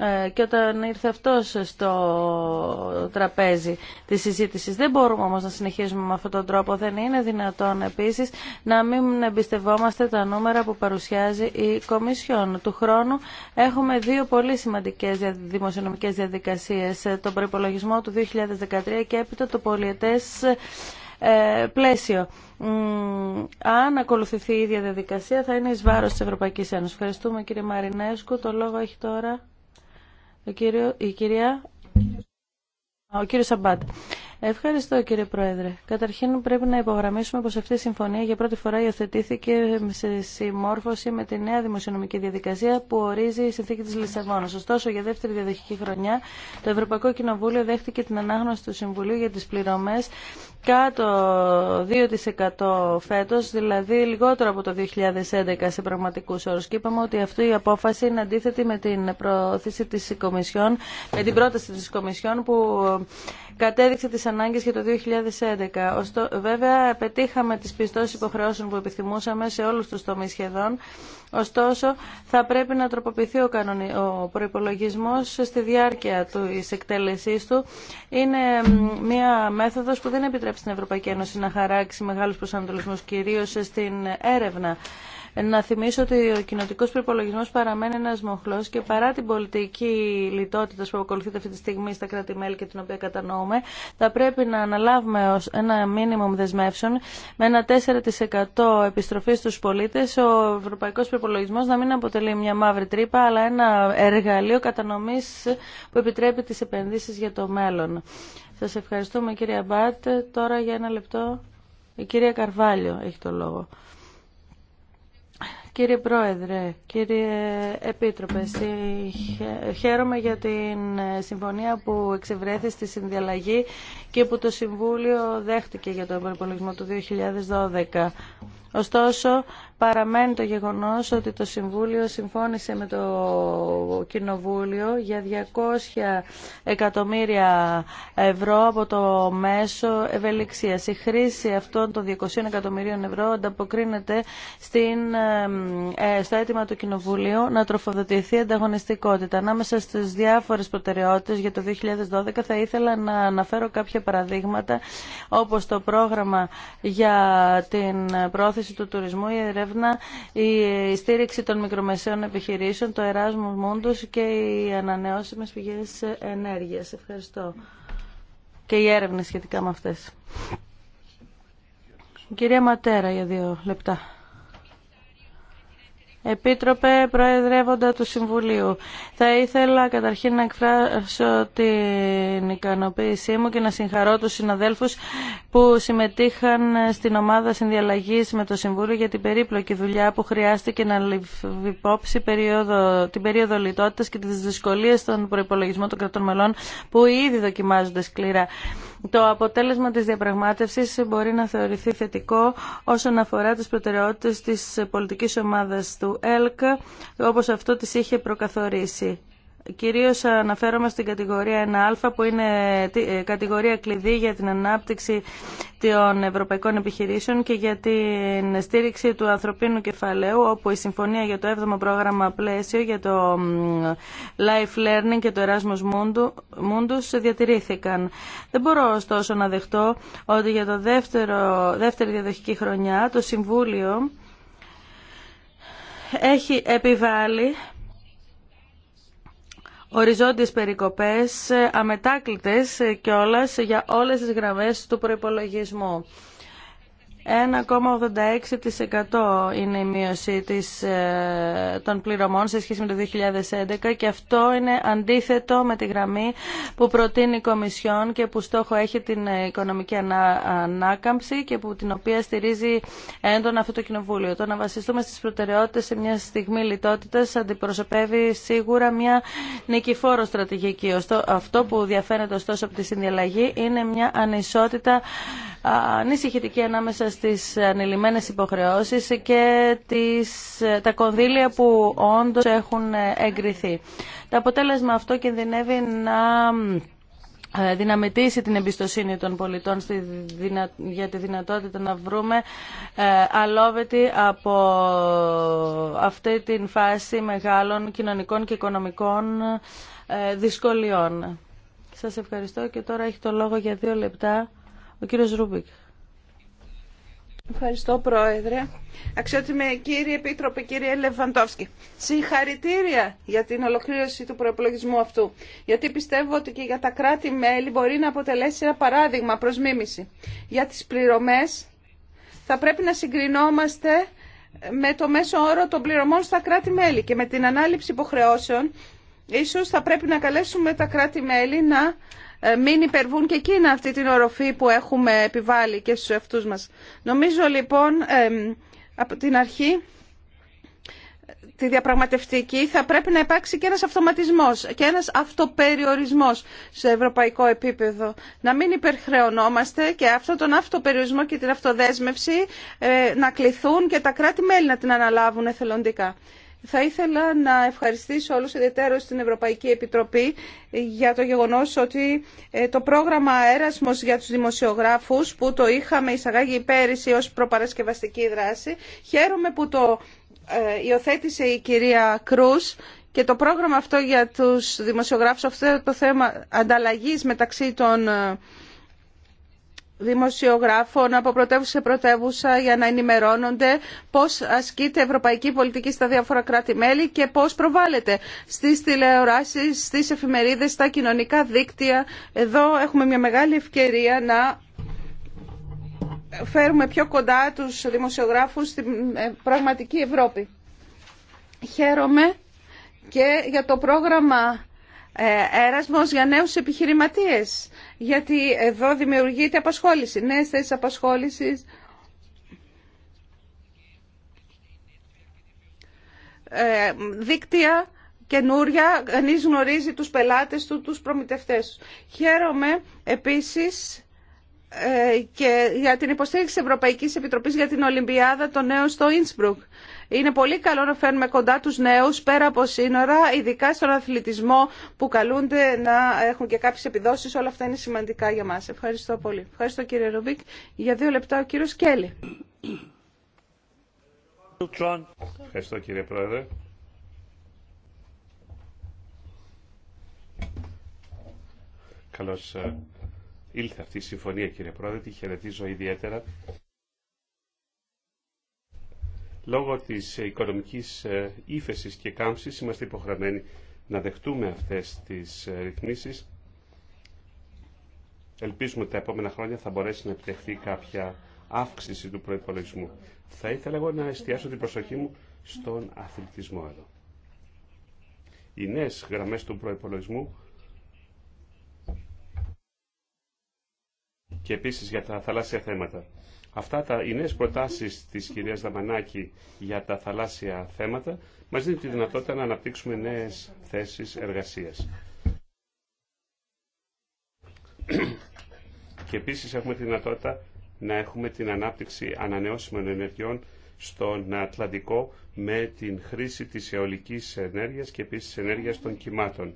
ε, και όταν ήρθε αυτός στο τραπέζι της συζήτησης. Δεν μπορούμε όμως να συνεχίσουμε με αυτόν τον τρόπο. Δεν είναι δυνατόν επίσης να μην εμπιστευόμαστε τα νούμερα που παρουσιάζει η Κομισιόν. Του χρόνου έχουμε δύο πολύ σημαντικές δημοσιονομικές διαδικασίες. Ε, τον προπολογισμό του 2013 και έπειτα το πολιετές ε, πλαίσιο. αν ακολουθηθεί η ίδια διαδικασία θα είναι εις βάρος της Ευρωπαϊκής Ένωσης. Ευχαριστούμε κύριε Μαρινέσκου. Το λόγο έχει τώρα ο κύριο, η κυρία, ο κύριος Σαμπάτ. Ευχαριστώ κύριε Πρόεδρε. Καταρχήν πρέπει να υπογραμμίσουμε πως αυτή η συμφωνία για πρώτη φορά υιοθετήθηκε σε συμμόρφωση με τη νέα δημοσιονομική διαδικασία που ορίζει η συνθήκη της Λισαβόνας. Ωστόσο για δεύτερη διαδοχική χρονιά το Ευρωπαϊκό Κοινοβούλιο δέχτηκε την ανάγνωση του Συμβουλίου για τις πληρωμές κάτω 2% φέτος, δηλαδή λιγότερο από το 2011 σε πραγματικούς όρους. Και είπαμε ότι αυτή η απόφαση είναι αντίθετη με την της με την πρόταση της Κομισιόν που κατέδειξε τις ανάγκες για το 2011. Ωστό, βέβαια, πετύχαμε τις πιστώσεις υποχρεώσεων που επιθυμούσαμε σε όλους τους τομείς σχεδόν. Ωστόσο, θα πρέπει να τροποποιηθεί ο, κανονι... ο προϋπολογισμός στη διάρκεια της εκτέλεσής του. Είναι μια μέθοδος που δεν επιτρέπει στην Ευρωπαϊκή Ένωση να χαράξει μεγάλους προσανατολισμούς, κυρίως στην έρευνα. Ε, να θυμίσω ότι ο κοινοτικό προπολογισμό παραμένει ένα μοχλό και παρά την πολιτική λιτότητα που ακολουθείται αυτή τη στιγμή στα κράτη-μέλη και την οποία κατανοούμε, θα πρέπει να αναλάβουμε ως ένα μίνιμουμ δεσμεύσεων με ένα 4% επιστροφή στου πολίτε, ο ευρωπαϊκό προπολογισμό να μην αποτελεί μια μαύρη τρύπα, αλλά ένα εργαλείο κατανομή που επιτρέπει τι επενδύσει για το μέλλον. Σα ευχαριστούμε κυρία Μπάτ. Τώρα για ένα λεπτό η κυρία Καρβάλιο έχει το λόγο. Κύριε Πρόεδρε, κύριε Επίτροπε, χαίρομαι για την ε, συμφωνία που εξευρέθη στη συνδιαλλαγή και που το Συμβούλιο δέχτηκε για τον προπολογισμό του 2012. Ωστόσο, παραμένει το γεγονός ότι το Συμβούλιο συμφώνησε με το Κοινοβούλιο για 200 εκατομμύρια ευρώ από το μέσο ευελιξίας. Η χρήση αυτών των 200 εκατομμυρίων ευρώ ανταποκρίνεται στην, ε, ε, στο αίτημα του Κοινοβουλίου να τροφοδοτηθεί ανταγωνιστικότητα. Ανάμεσα στις διάφορες προτεραιότητες για το 2012 θα ήθελα να αναφέρω κάποια παραδείγματα όπως το πρόγραμμα για την πρόθεση του τουρισμού, η έρευνα, η στήριξη των μικρομεσαίων επιχειρήσεων, το Εράσμος Mundus και οι ανανεώσιμες πηγές ενέργειας. Ευχαριστώ. Και η έρευνα σχετικά με αυτές. κυρία Ματέρα για δύο λεπτά. Επίτροπε, Προεδρεύοντα του Συμβουλίου. Θα ήθελα καταρχήν να εκφράσω την ικανοποίησή μου και να συγχαρώ τους συναδέλφους που συμμετείχαν στην ομάδα συνδιαλλαγής με το Συμβούλιο για την περίπλοκη δουλειά που χρειάστηκε να λυθεί υπόψη περίοδο, την περίοδο λιτότητας και τις δυσκολίες των προϋπολογισμών των κρατών μελών που ήδη δοκιμάζονται σκληρά. Το αποτέλεσμα της διαπραγμάτευσης μπορεί να θεωρηθεί θετικό όσον αφορά τις προτεραιότητες της πολιτικής ομάδας του ΕΛΚ, όπως αυτό τις είχε προκαθορίσει. Κυρίως αναφέρομαι στην κατηγορία 1α που είναι ε, κατηγορία κλειδί για την ανάπτυξη των ευρωπαϊκών επιχειρήσεων και για την στήριξη του ανθρωπίνου κεφαλαίου όπου η συμφωνία για το 7ο πρόγραμμα πλαίσιο για το Life Learning και το Erasmus Mundus διατηρήθηκαν. Δεν μπορώ ωστόσο να δεχτώ ότι για το δεύτερο, δεύτερη διαδοχική χρονιά το Συμβούλιο έχει επιβάλει οριζόντιες περικοπές αμετάκλητες ε, κιόλας για όλες τις γραμμές του προϋπολογισμού. 1,86% είναι η μείωση της, ε, των πληρωμών σε σχέση με το 2011 και αυτό είναι αντίθετο με τη γραμμή που προτείνει η Κομισιόν και που στόχο έχει την ε, οικονομική ανάκαμψη και που, την οποία στηρίζει έντονα αυτό το Κοινοβούλιο. Το να βασιστούμε στις προτεραιότητες σε μια στιγμή λιτότητας αντιπροσωπεύει σίγουρα μια νικηφόρο στρατηγική. Αυτό που διαφαίνεται ωστόσο από τη συνδιαλλαγή είναι μια ανισότητα ανησυχητική ανάμεσα τις ανηλυμένες υποχρεώσεις και τις, τα κονδύλια που όντως έχουν εγκριθεί. Το αποτέλεσμα αυτό κινδυνεύει να ε, δυναμητήσει την εμπιστοσύνη των πολιτών στη για τη δυνατότητα να βρούμε ε, αλόβετη από αυτή την φάση μεγάλων κοινωνικών και οικονομικών ε, δυσκολιών. Σας ευχαριστώ και τώρα έχει το λόγο για δύο λεπτά ο κύριος Ρούμπικ. Ευχαριστώ, Πρόεδρε. Αξιότιμε, κύριε Επίτροπε, κύριε Λεβαντόφσκι, συγχαρητήρια για την ολοκλήρωση του προεπλογισμού αυτού. Γιατί πιστεύω ότι και για τα κράτη-μέλη μπορεί να αποτελέσει ένα παράδειγμα προ μίμηση. Για τι πληρωμέ θα πρέπει να συγκρινόμαστε με το μέσο όρο των πληρωμών στα κράτη-μέλη και με την ανάληψη υποχρεώσεων. ίσω θα πρέπει να καλέσουμε τα κράτη-μέλη να ε, μην υπερβούν και εκείνα αυτή την οροφή που έχουμε επιβάλει και στους εαυτούς μας. Νομίζω λοιπόν από την αρχή τη διαπραγματευτική θα πρέπει να υπάρξει και ένας αυτοματισμός και ένας αυτοπεριορισμός σε ευρωπαϊκό επίπεδο. Να μην υπερχρεωνόμαστε και αυτόν τον αυτοπεριορισμό και την αυτοδέσμευση ε, να κληθούν και τα κράτη-μέλη να την αναλάβουν εθελοντικά. Θα ήθελα να ευχαριστήσω όλους ιδιαίτερως την Ευρωπαϊκή Επιτροπή για το γεγονός ότι ε, το πρόγραμμα Έρασμος για τους δημοσιογράφους που το είχαμε εισαγάγει πέρυσι ως προπαρασκευαστική δράση. Χαίρομαι που το ε, υιοθέτησε η κυρία Κρούς και το πρόγραμμα αυτό για τους δημοσιογράφους αυτό το θέμα ανταλλαγής μεταξύ των ε, δημοσιογράφων από πρωτεύουσα σε πρωτεύουσα για να ενημερώνονται πώς ασκείται ευρωπαϊκή πολιτική στα διάφορα κράτη-μέλη και πώς προβάλλεται στις τηλεοράσεις, στις εφημερίδες, στα κοινωνικά δίκτυα. Εδώ έχουμε μια μεγάλη ευκαιρία να φέρουμε πιο κοντά τους δημοσιογράφους στην ε, πραγματική Ευρώπη. Χαίρομαι και για το πρόγραμμα Έρασμος ε, για νέους επιχειρηματίες γιατί εδώ δημιουργείται απασχόληση, νέες θέσεις απασχόλησης. Ε, δίκτυα καινούρια, κανεί γνωρίζει τους πελάτες του, τους προμητευτές Χαίρομαι επίσης ε, και για την υποστήριξη της Ευρωπαϊκής Επιτροπής για την Ολυμπιάδα των νέων στο Ίνσμπρουκ. Είναι πολύ καλό να φέρνουμε κοντά τους νέους πέρα από σύνορα, ειδικά στον αθλητισμό που καλούνται να έχουν και κάποιες επιδόσεις. Όλα αυτά είναι σημαντικά για μας. Ευχαριστώ πολύ. Ευχαριστώ κύριε Ρουμπίκ. Για δύο λεπτά ο κύριος Κέλλη. Ευχαριστώ κύριε Πρόεδρε. Καλώς ε, ήλθε αυτή η συμφωνία κύριε Πρόεδρε, τη χαιρετίζω ιδιαίτερα λόγω της ε, οικονομικής ε, ύφεσης και κάμψης είμαστε υποχρεωμένοι να δεχτούμε αυτές τις ε, ρυθμίσεις. Ελπίζουμε ότι τα επόμενα χρόνια θα μπορέσει να επιτευχθεί κάποια αύξηση του προϋπολογισμού. Θα ήθελα εγώ να εστιάσω την προσοχή μου στον αθλητισμό εδώ. Οι νέε γραμμές του προϋπολογισμού και επίσης για τα θαλάσσια θέματα Αυτά τα, οι νέες προτάσεις της κυρίας Δαμανάκη για τα θαλάσσια θέματα μας δίνουν τη δυνατότητα να αναπτύξουμε νέες θέσεις εργασίας. Και επίσης έχουμε τη δυνατότητα να έχουμε την ανάπτυξη ανανεώσιμων ενεργειών στον Ατλαντικό με την χρήση της αιωλικής ενέργειας και επίσης ενέργειας των κυμάτων.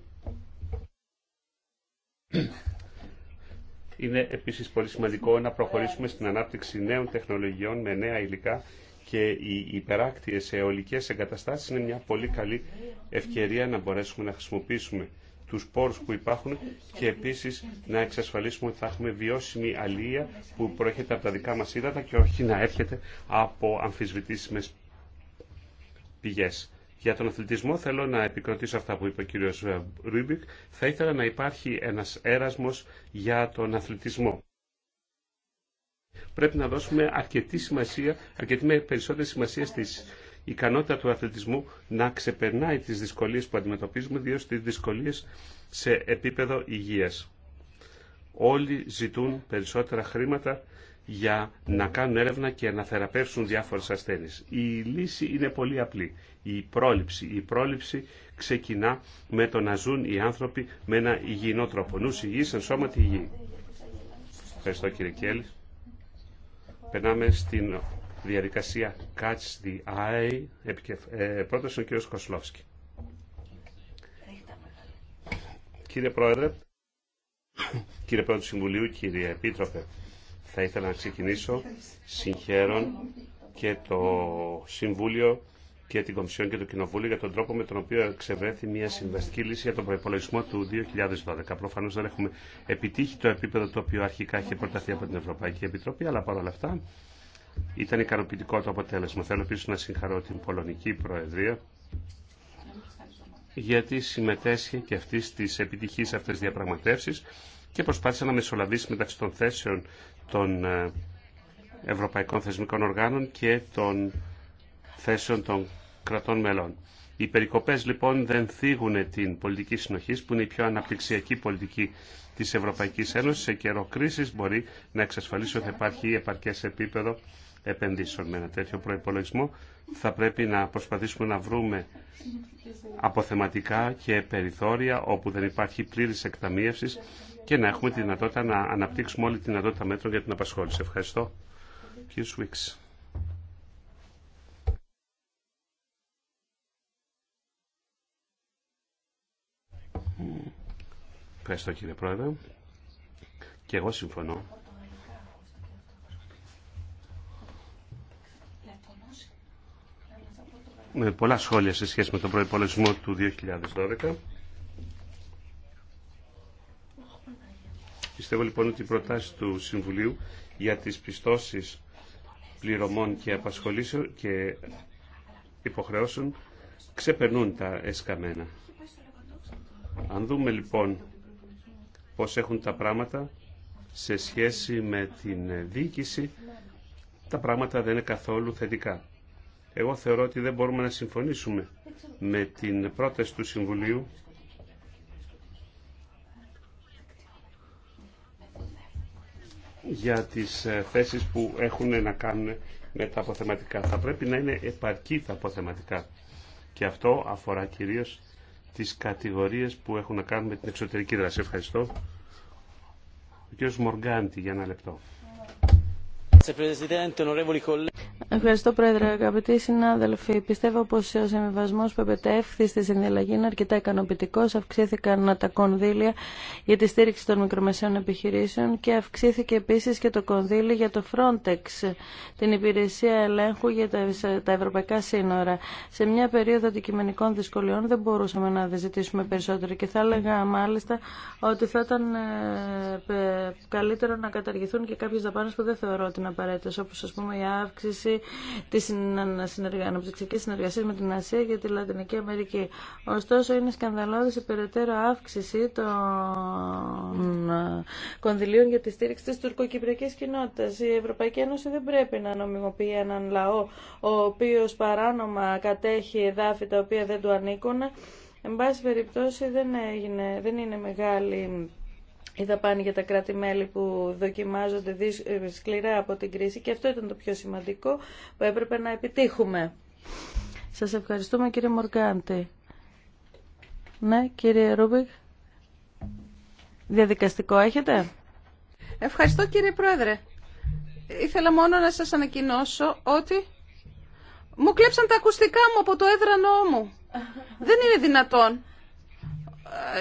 Είναι επίσης πολύ σημαντικό να προχωρήσουμε στην ανάπτυξη νέων τεχνολογιών με νέα υλικά και οι υπεράκτιες αιωλικές εγκαταστάσεις είναι μια πολύ καλή ευκαιρία να μπορέσουμε να χρησιμοποιήσουμε τους πόρους που υπάρχουν και επίσης να εξασφαλίσουμε ότι θα έχουμε βιώσιμη αλληλεία που προέρχεται από τα δικά μας ύδατα και όχι να έρχεται από αμφισβητήσιμες πηγές. Για τον αθλητισμό θέλω να επικροτήσω αυτά που είπε ο κύριος ε, Ρούμπικ. Θα ήθελα να υπάρχει ένας έρασμος για τον αθλητισμό. Πρέπει να δώσουμε αρκετή σημασία, αρκετή με περισσότερη σημασία στη ικανότητα του αθλητισμού να ξεπερνάει τις δυσκολίες που αντιμετωπίζουμε, ιδίω τις δυσκολίες σε επίπεδο υγείας. Όλοι ζητούν περισσότερα χρήματα για να κάνουν έρευνα και να θεραπεύσουν διάφορες ασθένειες. Η λύση είναι πολύ απλή. Η πρόληψη. Η πρόληψη ξεκινά με το να ζουν οι άνθρωποι με ένα υγιεινό τρόπο. Νους σώμα, τη γη. Ευχαριστώ κύριε Κέλλη. Περνάμε στην διαδικασία Catch the Eye. Ε, Πρώτος ο κύριος Κοσλόφσκι. Κύριε Πρόεδρε, κύριε Πρόεδρε του Συμβουλίου, κύριε Επίτροπε, θα ήθελα να ξεκινήσω συγχαίρον και το Συμβούλιο και την Κομισιόν και το Κοινοβούλιο για τον τρόπο με τον οποίο εξευρέθη μια συμβαστική λύση για τον προπολογισμό του 2012. Προφανώ δεν έχουμε επιτύχει το επίπεδο το οποίο αρχικά είχε προταθεί από την Ευρωπαϊκή Επιτροπή, αλλά παρόλα αυτά ήταν ικανοποιητικό το αποτέλεσμα. Θέλω επίση να συγχαρώ την Πολωνική Προεδρία γιατί συμμετέσχει και αυτή στις επιτυχίες αυτές διαπραγματεύσεις και προσπάθησε να μεσολαβήσει μεταξύ των θέσεων των ε, ευρωπαϊκών θεσμικών οργάνων και των θέσεων των κρατών μελών. Οι περικοπές λοιπόν δεν θίγουν την πολιτική συνοχής που είναι η πιο αναπτυξιακή πολιτική της Ευρωπαϊκής Ένωσης. Σε καιρό κρίσης μπορεί να εξασφαλίσει ότι θα υπάρχει επαρκές επίπεδο επενδύσεων. Με ένα τέτοιο προϋπολογισμό θα πρέπει να προσπαθήσουμε να βρούμε αποθεματικά και περιθώρια όπου δεν υπάρχει πλήρης εκταμίευσης και να έχουμε τη δυνατότητα να αναπτύξουμε όλη τη δυνατότητα μέτρων για την απασχόληση. Ευχαριστώ. Κύριε Σουίξ. Ευχαριστώ κύριε Πρόεδρε. Και εγώ συμφωνώ με πολλά σχόλια σε σχέση με τον προϋπολογισμό του 2012. Πιστεύω λοιπόν ότι οι προτάσεις του Συμβουλίου για τις πιστώσεις πληρωμών και απασχολήσεων και υποχρεώσεων ξεπερνούν τα εσκαμένα. Αν δούμε λοιπόν πώς έχουν τα πράγματα σε σχέση με την διοίκηση, τα πράγματα δεν είναι καθόλου θετικά. Εγώ θεωρώ ότι δεν μπορούμε να συμφωνήσουμε με την πρόταση του Συμβουλίου για τις ε, θέσεις που έχουν να κάνουν με τα αποθεματικά. Θα πρέπει να είναι επαρκή τα αποθεματικά. Και αυτό αφορά κυρίως τις κατηγορίες που έχουν να κάνουν με την εξωτερική δράση. Ευχαριστώ. Ο κ. Μοργκάντη για ένα λεπτό. Ευχαριστώ, Πρόεδρε. Αγαπητοί συνάδελφοι, πιστεύω πω ο συμβιβασμό που επετεύχθη στη συνδιαλλαγή είναι αρκετά ικανοποιητικό. Αυξήθηκαν τα κονδύλια για τη στήριξη των μικρομεσαίων επιχειρήσεων και αυξήθηκε επίση και το κονδύλι για το Frontex, την υπηρεσία ελέγχου για τα ευρωπαϊκά σύνορα. Σε μια περίοδο αντικειμενικών δυσκολιών δεν μπορούσαμε να ζητήσουμε περισσότερο και θα έλεγα μάλιστα ότι θα ήταν ε, καλύτερο να καταργηθούν και κάποιε δαπάνε που δεν θεωρώ ότι είναι Όπω όπως ας πούμε η αύξηση της αναπτυξιακής συνεργασία με την Ασία και τη Λατινική Αμερική. Ωστόσο, είναι σκανδαλώδη η περαιτέρω αύξηση των ε, κονδυλίων για τη στήριξη τη τουρκοκυπριακή κοινότητα. Η Ευρωπαϊκή Ένωση δεν πρέπει να νομιμοποιεί έναν λαό ο οποίος παράνομα κατέχει εδάφη τα οποία δεν του ανήκουν. Εν πάση περιπτώσει δεν, έγινε, δεν είναι μεγάλη η δαπάνη για τα κράτη-μέλη που δοκιμάζονται ε, σκληρά από την κρίση και αυτό ήταν το πιο σημαντικό που έπρεπε να επιτύχουμε. Σας ευχαριστούμε κύριε Μοργκάντη. Ναι, κύριε Ρούμπιγκ. Διαδικαστικό έχετε. Ευχαριστώ κύριε Πρόεδρε. Ήθελα μόνο να σας ανακοινώσω ότι μου κλέψαν τα ακουστικά μου από το έδρανό μου. Δεν είναι δυνατόν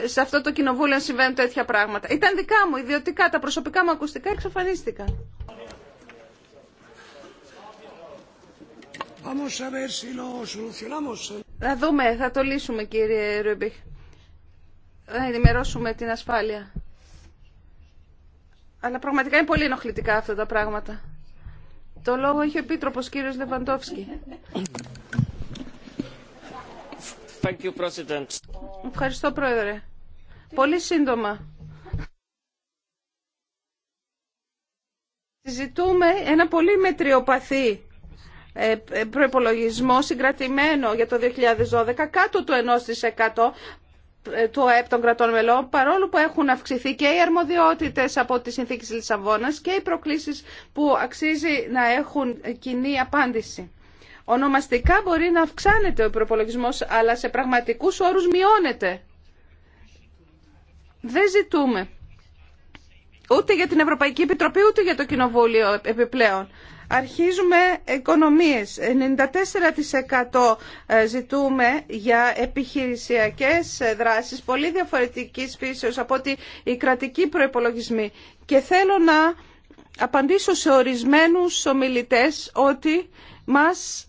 σε αυτό το κοινοβούλιο συμβαίνουν τέτοια πράγματα. Ήταν δικά μου, ιδιωτικά, τα προσωπικά μου ακουστικά εξαφανίστηκαν. Να δούμε, θα το λύσουμε κύριε Ρούμπιχ. Θα ενημερώσουμε την ασφάλεια. Αλλά πραγματικά είναι πολύ ενοχλητικά αυτά τα πράγματα. Το λόγο έχει ο Επίτροπος κύριος Λεβαντόφσκι. Ευχαριστώ, Πρόεδρε. Πολύ σύντομα. Συζητούμε ένα πολύ μετριοπαθή ε, ε, προπολογισμό συγκρατημένο για το 2012 κάτω του 1% ε, του ΑΕΠ των κρατών μελών, παρόλο που έχουν αυξηθεί και οι αρμοδιότητες από τις συνθήκες Λισαβόνας και οι προκλήσεις που αξίζει να έχουν κοινή απάντηση. Ονομαστικά μπορεί να αυξάνεται ο προπολογισμό, αλλά σε πραγματικούς όρους μειώνεται. Δεν ζητούμε ούτε για την Ευρωπαϊκή Επιτροπή, ούτε για το Κοινοβούλιο επιπλέον. Αρχίζουμε οικονομίες. 94% ε, ζητούμε για επιχειρησιακές ε, δράσεις, πολύ διαφορετικής φύσεως από ότι οι κρατικοί προϋπολογισμοί. Και θέλω να απαντήσω σε ορισμένους ομιλητές ότι μας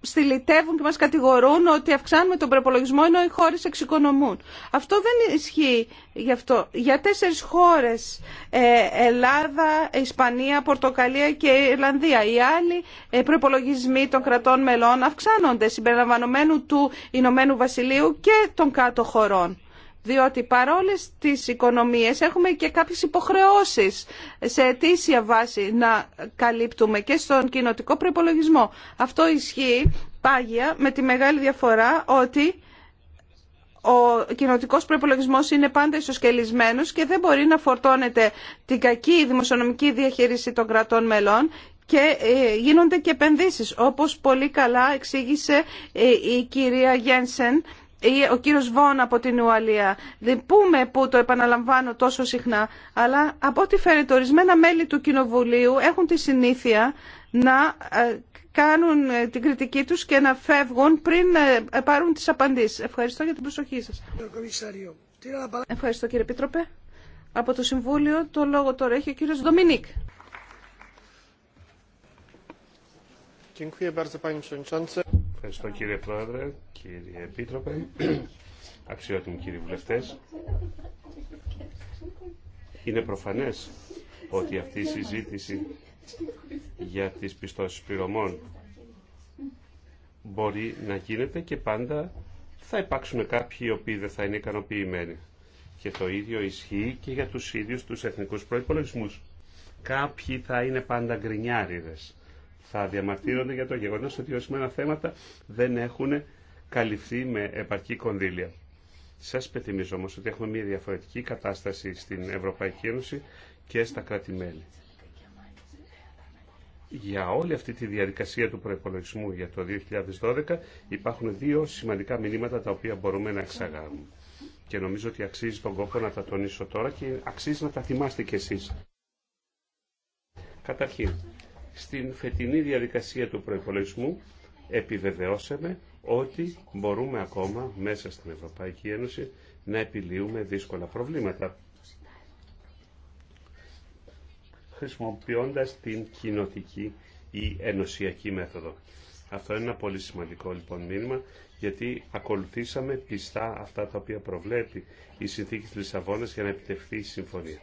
στυλιτεύουν και μας κατηγορούν ότι αυξάνουμε τον προπολογισμό ενώ οι χώρες εξοικονομούν. Αυτό δεν ισχύει γι' αυτό. Για τέσσερις χώρες, ε, Ελλάδα, Ισπανία, Πορτοκαλία και Ιρλανδία, οι άλλοι ε, προπολογισμοί των κρατών μελών αυξάνονται συμπεριλαμβανομένου του Ηνωμένου Βασιλείου και των κάτω χωρών διότι παρόλες τις οικονομίες έχουμε και κάποιες υποχρεώσεις σε αιτήσια βάση να καλύπτουμε και στον κοινοτικό προϋπολογισμό. Αυτό ισχύει πάγια με τη μεγάλη διαφορά ότι ο κοινοτικός προϋπολογισμός είναι πάντα ισοσκελισμένος και δεν μπορεί να φορτώνεται την κακή δημοσιονομική διαχείριση των κρατών μελών και ε, γίνονται και επενδύσεις, όπως πολύ καλά εξήγησε ε, η κυρία Γένσεν ή ο κύριος Βόν από την Ουαλία. Δεν πούμε που το επαναλαμβάνω τόσο συχνά, αλλά από ό,τι φαίνεται ορισμένα μέλη του Κοινοβουλίου έχουν τη συνήθεια να ε, κάνουν ε, την κριτική τους και να φεύγουν πριν ε, πάρουν τις απαντήσεις. Ευχαριστώ για την προσοχή σας. Ευχαριστώ κύριε Πίτροπε Από το Συμβούλιο το λόγο τώρα έχει ο κύριος Δομινίκ. Ευχαριστώ κύριε Πρόεδρε, κύριε Επίτροπε, αξιότιμοι κύριοι βουλευτές. Είναι προφανές ότι αυτή η συζήτηση για τις πιστώσεις πληρωμών μπορεί να γίνεται και πάντα θα υπάρξουν κάποιοι οι οποίοι δεν θα είναι ικανοποιημένοι. Και το ίδιο ισχύει και για τους ίδιους τους εθνικούς προϋπολογισμούς. Κάποιοι θα είναι πάντα γκρινιάριδες θα διαμαρτύρονται για το γεγονός ότι ορισμένα θέματα δεν έχουν καλυφθεί με επαρκή κονδύλια. Σας πεθυμίζω όμως ότι έχουμε μια διαφορετική κατάσταση στην Ευρωπαϊκή Ένωση και στα κράτη-μέλη. Για όλη αυτή τη διαδικασία του προπολογισμού για το 2012 υπάρχουν δύο σημαντικά μηνύματα τα οποία μπορούμε να εξαγάγουμε. Και νομίζω ότι αξίζει τον κόπο να τα τονίσω τώρα και αξίζει να τα θυμάστε κι εσείς. Καταρχήν, στην φετινή διαδικασία του προϋπολογισμού επιβεβαιώσαμε ότι μπορούμε ακόμα μέσα στην Ευρωπαϊκή Ένωση να επιλύουμε δύσκολα προβλήματα. Χρησιμοποιώντας την κοινοτική ή ενωσιακή μέθοδο. Αυτό είναι ένα πολύ σημαντικό λοιπόν μήνυμα γιατί ακολουθήσαμε πιστά αυτά τα οποία προβλέπει η συνθήκη της Λισαβόνας για να επιτευχθεί η συμφωνία.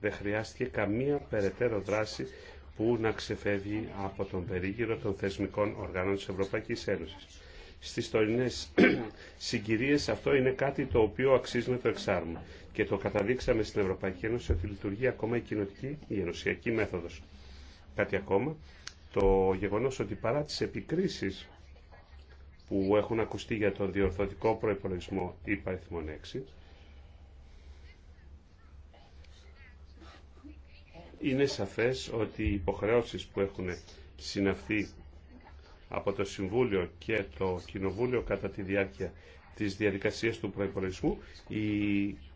Δεν χρειάστηκε καμία περαιτέρω δράση που να ξεφεύγει από τον περίγυρο των θεσμικών οργάνων της Ευρωπαϊκής Ένωσης. Στις τωρινές *clears throat* συγκυρίες αυτό είναι κάτι το οποίο αξίζει να το εξάρουμε και το καταδείξαμε στην Ευρωπαϊκή Ένωση ότι λειτουργεί ακόμα η κοινοτική, η ενωσιακή μέθοδος. Κάτι ακόμα, το γεγονός ότι παρά τις επικρίσεις που έχουν ακουστεί για τον διορθωτικό προϋπολογισμό υπαριθμών 6, είναι σαφές ότι οι υποχρεώσεις που έχουν συναυθεί από το Συμβούλιο και το Κοινοβούλιο κατά τη διάρκεια της διαδικασίας του προϋπολογισμού, οι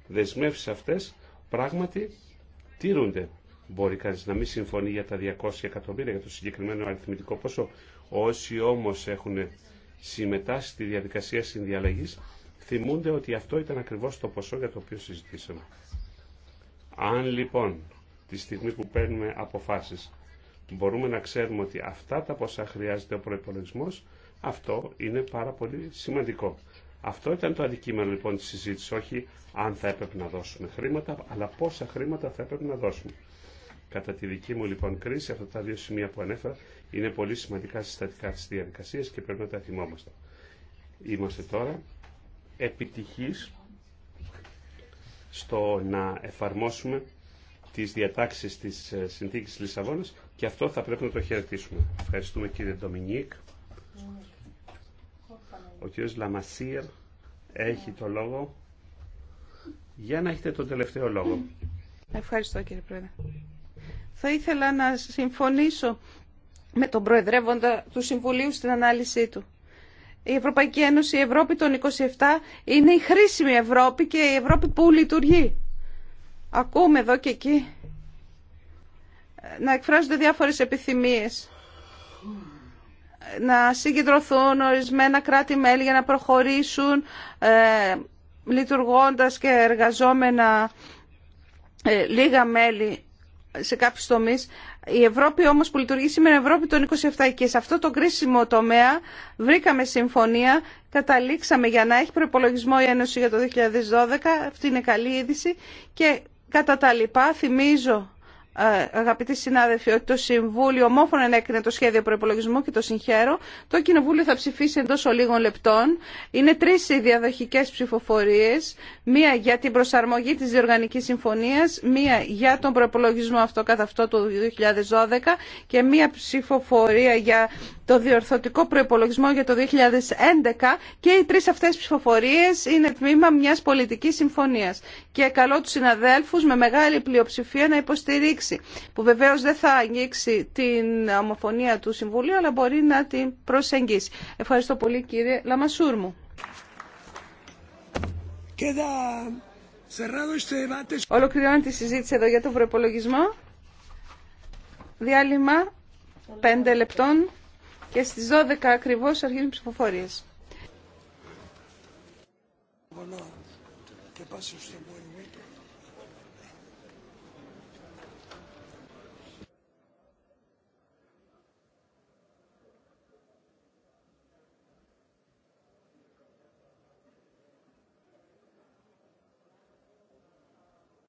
δεσμεύσεις αυτές πράγματι τήρούνται. Μπορεί κανείς να μην συμφωνεί για τα 200 εκατομμύρια, για το συγκεκριμένο αριθμητικό ποσό. Όσοι όμως έχουν συμμετάσχει στη διαδικασία συνδιαλλαγής, θυμούνται ότι αυτό ήταν ακριβώς το ποσό για το οποίο συζητήσαμε. Αν λοιπόν τη στιγμή που παίρνουμε αποφάσεις. Μπορούμε να ξέρουμε ότι αυτά τα ποσά χρειάζεται ο προπολογισμό, αυτό είναι πάρα πολύ σημαντικό. Αυτό ήταν το αντικείμενο λοιπόν της συζήτησης, όχι αν θα έπρεπε να δώσουμε χρήματα, αλλά πόσα χρήματα θα έπρεπε να δώσουμε. Κατά τη δική μου λοιπόν κρίση, αυτά τα δύο σημεία που ανέφερα είναι πολύ σημαντικά συστατικά της διαδικασίας και πρέπει να τα θυμόμαστε. Είμαστε τώρα επιτυχείς στο να εφαρμόσουμε τις διατάξεις της ε, συνθήκης Λισαβόνας και αυτό θα πρέπει να το χαιρετήσουμε. Ευχαριστούμε κύριε Ντομινίκ. Ο κύριος Λαμασίρ έχει το λόγο. Για να έχετε τον τελευταίο λόγο. Ευχαριστώ κύριε Πρόεδρε. Θα ήθελα να συμφωνήσω με τον Προεδρεύοντα του Συμβουλίου στην ανάλυση του. Η Ευρωπαϊκή Ένωση, η Ευρώπη των 27 είναι η χρήσιμη Ευρώπη και η Ευρώπη που λειτουργεί ακούμε εδώ και εκεί να εκφράζονται διάφορες επιθυμίες να συγκεντρωθούν ορισμένα κράτη-μέλη για να προχωρήσουν ε, λειτουργώντας και εργαζόμενα ε, λίγα μέλη σε κάποιους τομείς. Η Ευρώπη όμως που λειτουργεί σήμερα είναι Ευρώπη των 27 και σε αυτό το κρίσιμο τομέα βρήκαμε συμφωνία, καταλήξαμε για να έχει προπολογισμό η Ένωση για το 2012, αυτή είναι καλή είδηση και Κατά τα λοιπά, θυμίζω, ε, αγαπητοί συνάδελφοι, ότι το Συμβούλιο ομόφωνα ενέκρινε το σχέδιο προπολογισμού και το συγχαίρω. Το Κοινοβούλιο θα ψηφίσει εντό ολίγων λεπτών. Είναι τρει οι διαδοχικέ ψηφοφορίε. Μία για την προσαρμογή τη Διοργανική Συμφωνία, μία για τον προπολογισμό αυτό καθ' αυτό του 2012 και μία ψηφοφορία για το διορθωτικό προπολογισμό για το 2011 και οι τρεις αυτές ψηφοφορίες είναι τμήμα μιας πολιτικής συμφωνίας. Και καλώ τους συναδέλφους με μεγάλη πλειοψηφία να υποστηρίξει, που βεβαίως δεν θα αγγίξει την ομοφωνία του Συμβουλίου, αλλά μπορεί να την προσεγγίσει. Ευχαριστώ πολύ κύριε Λαμασούρ μου. Ολοκληρώνει τη συζήτηση εδώ για τον προπολογισμό. Διάλειμμα 5 λεπτών και στις 12 ακριβώς αρχίζουν οι ψηφοφορίες.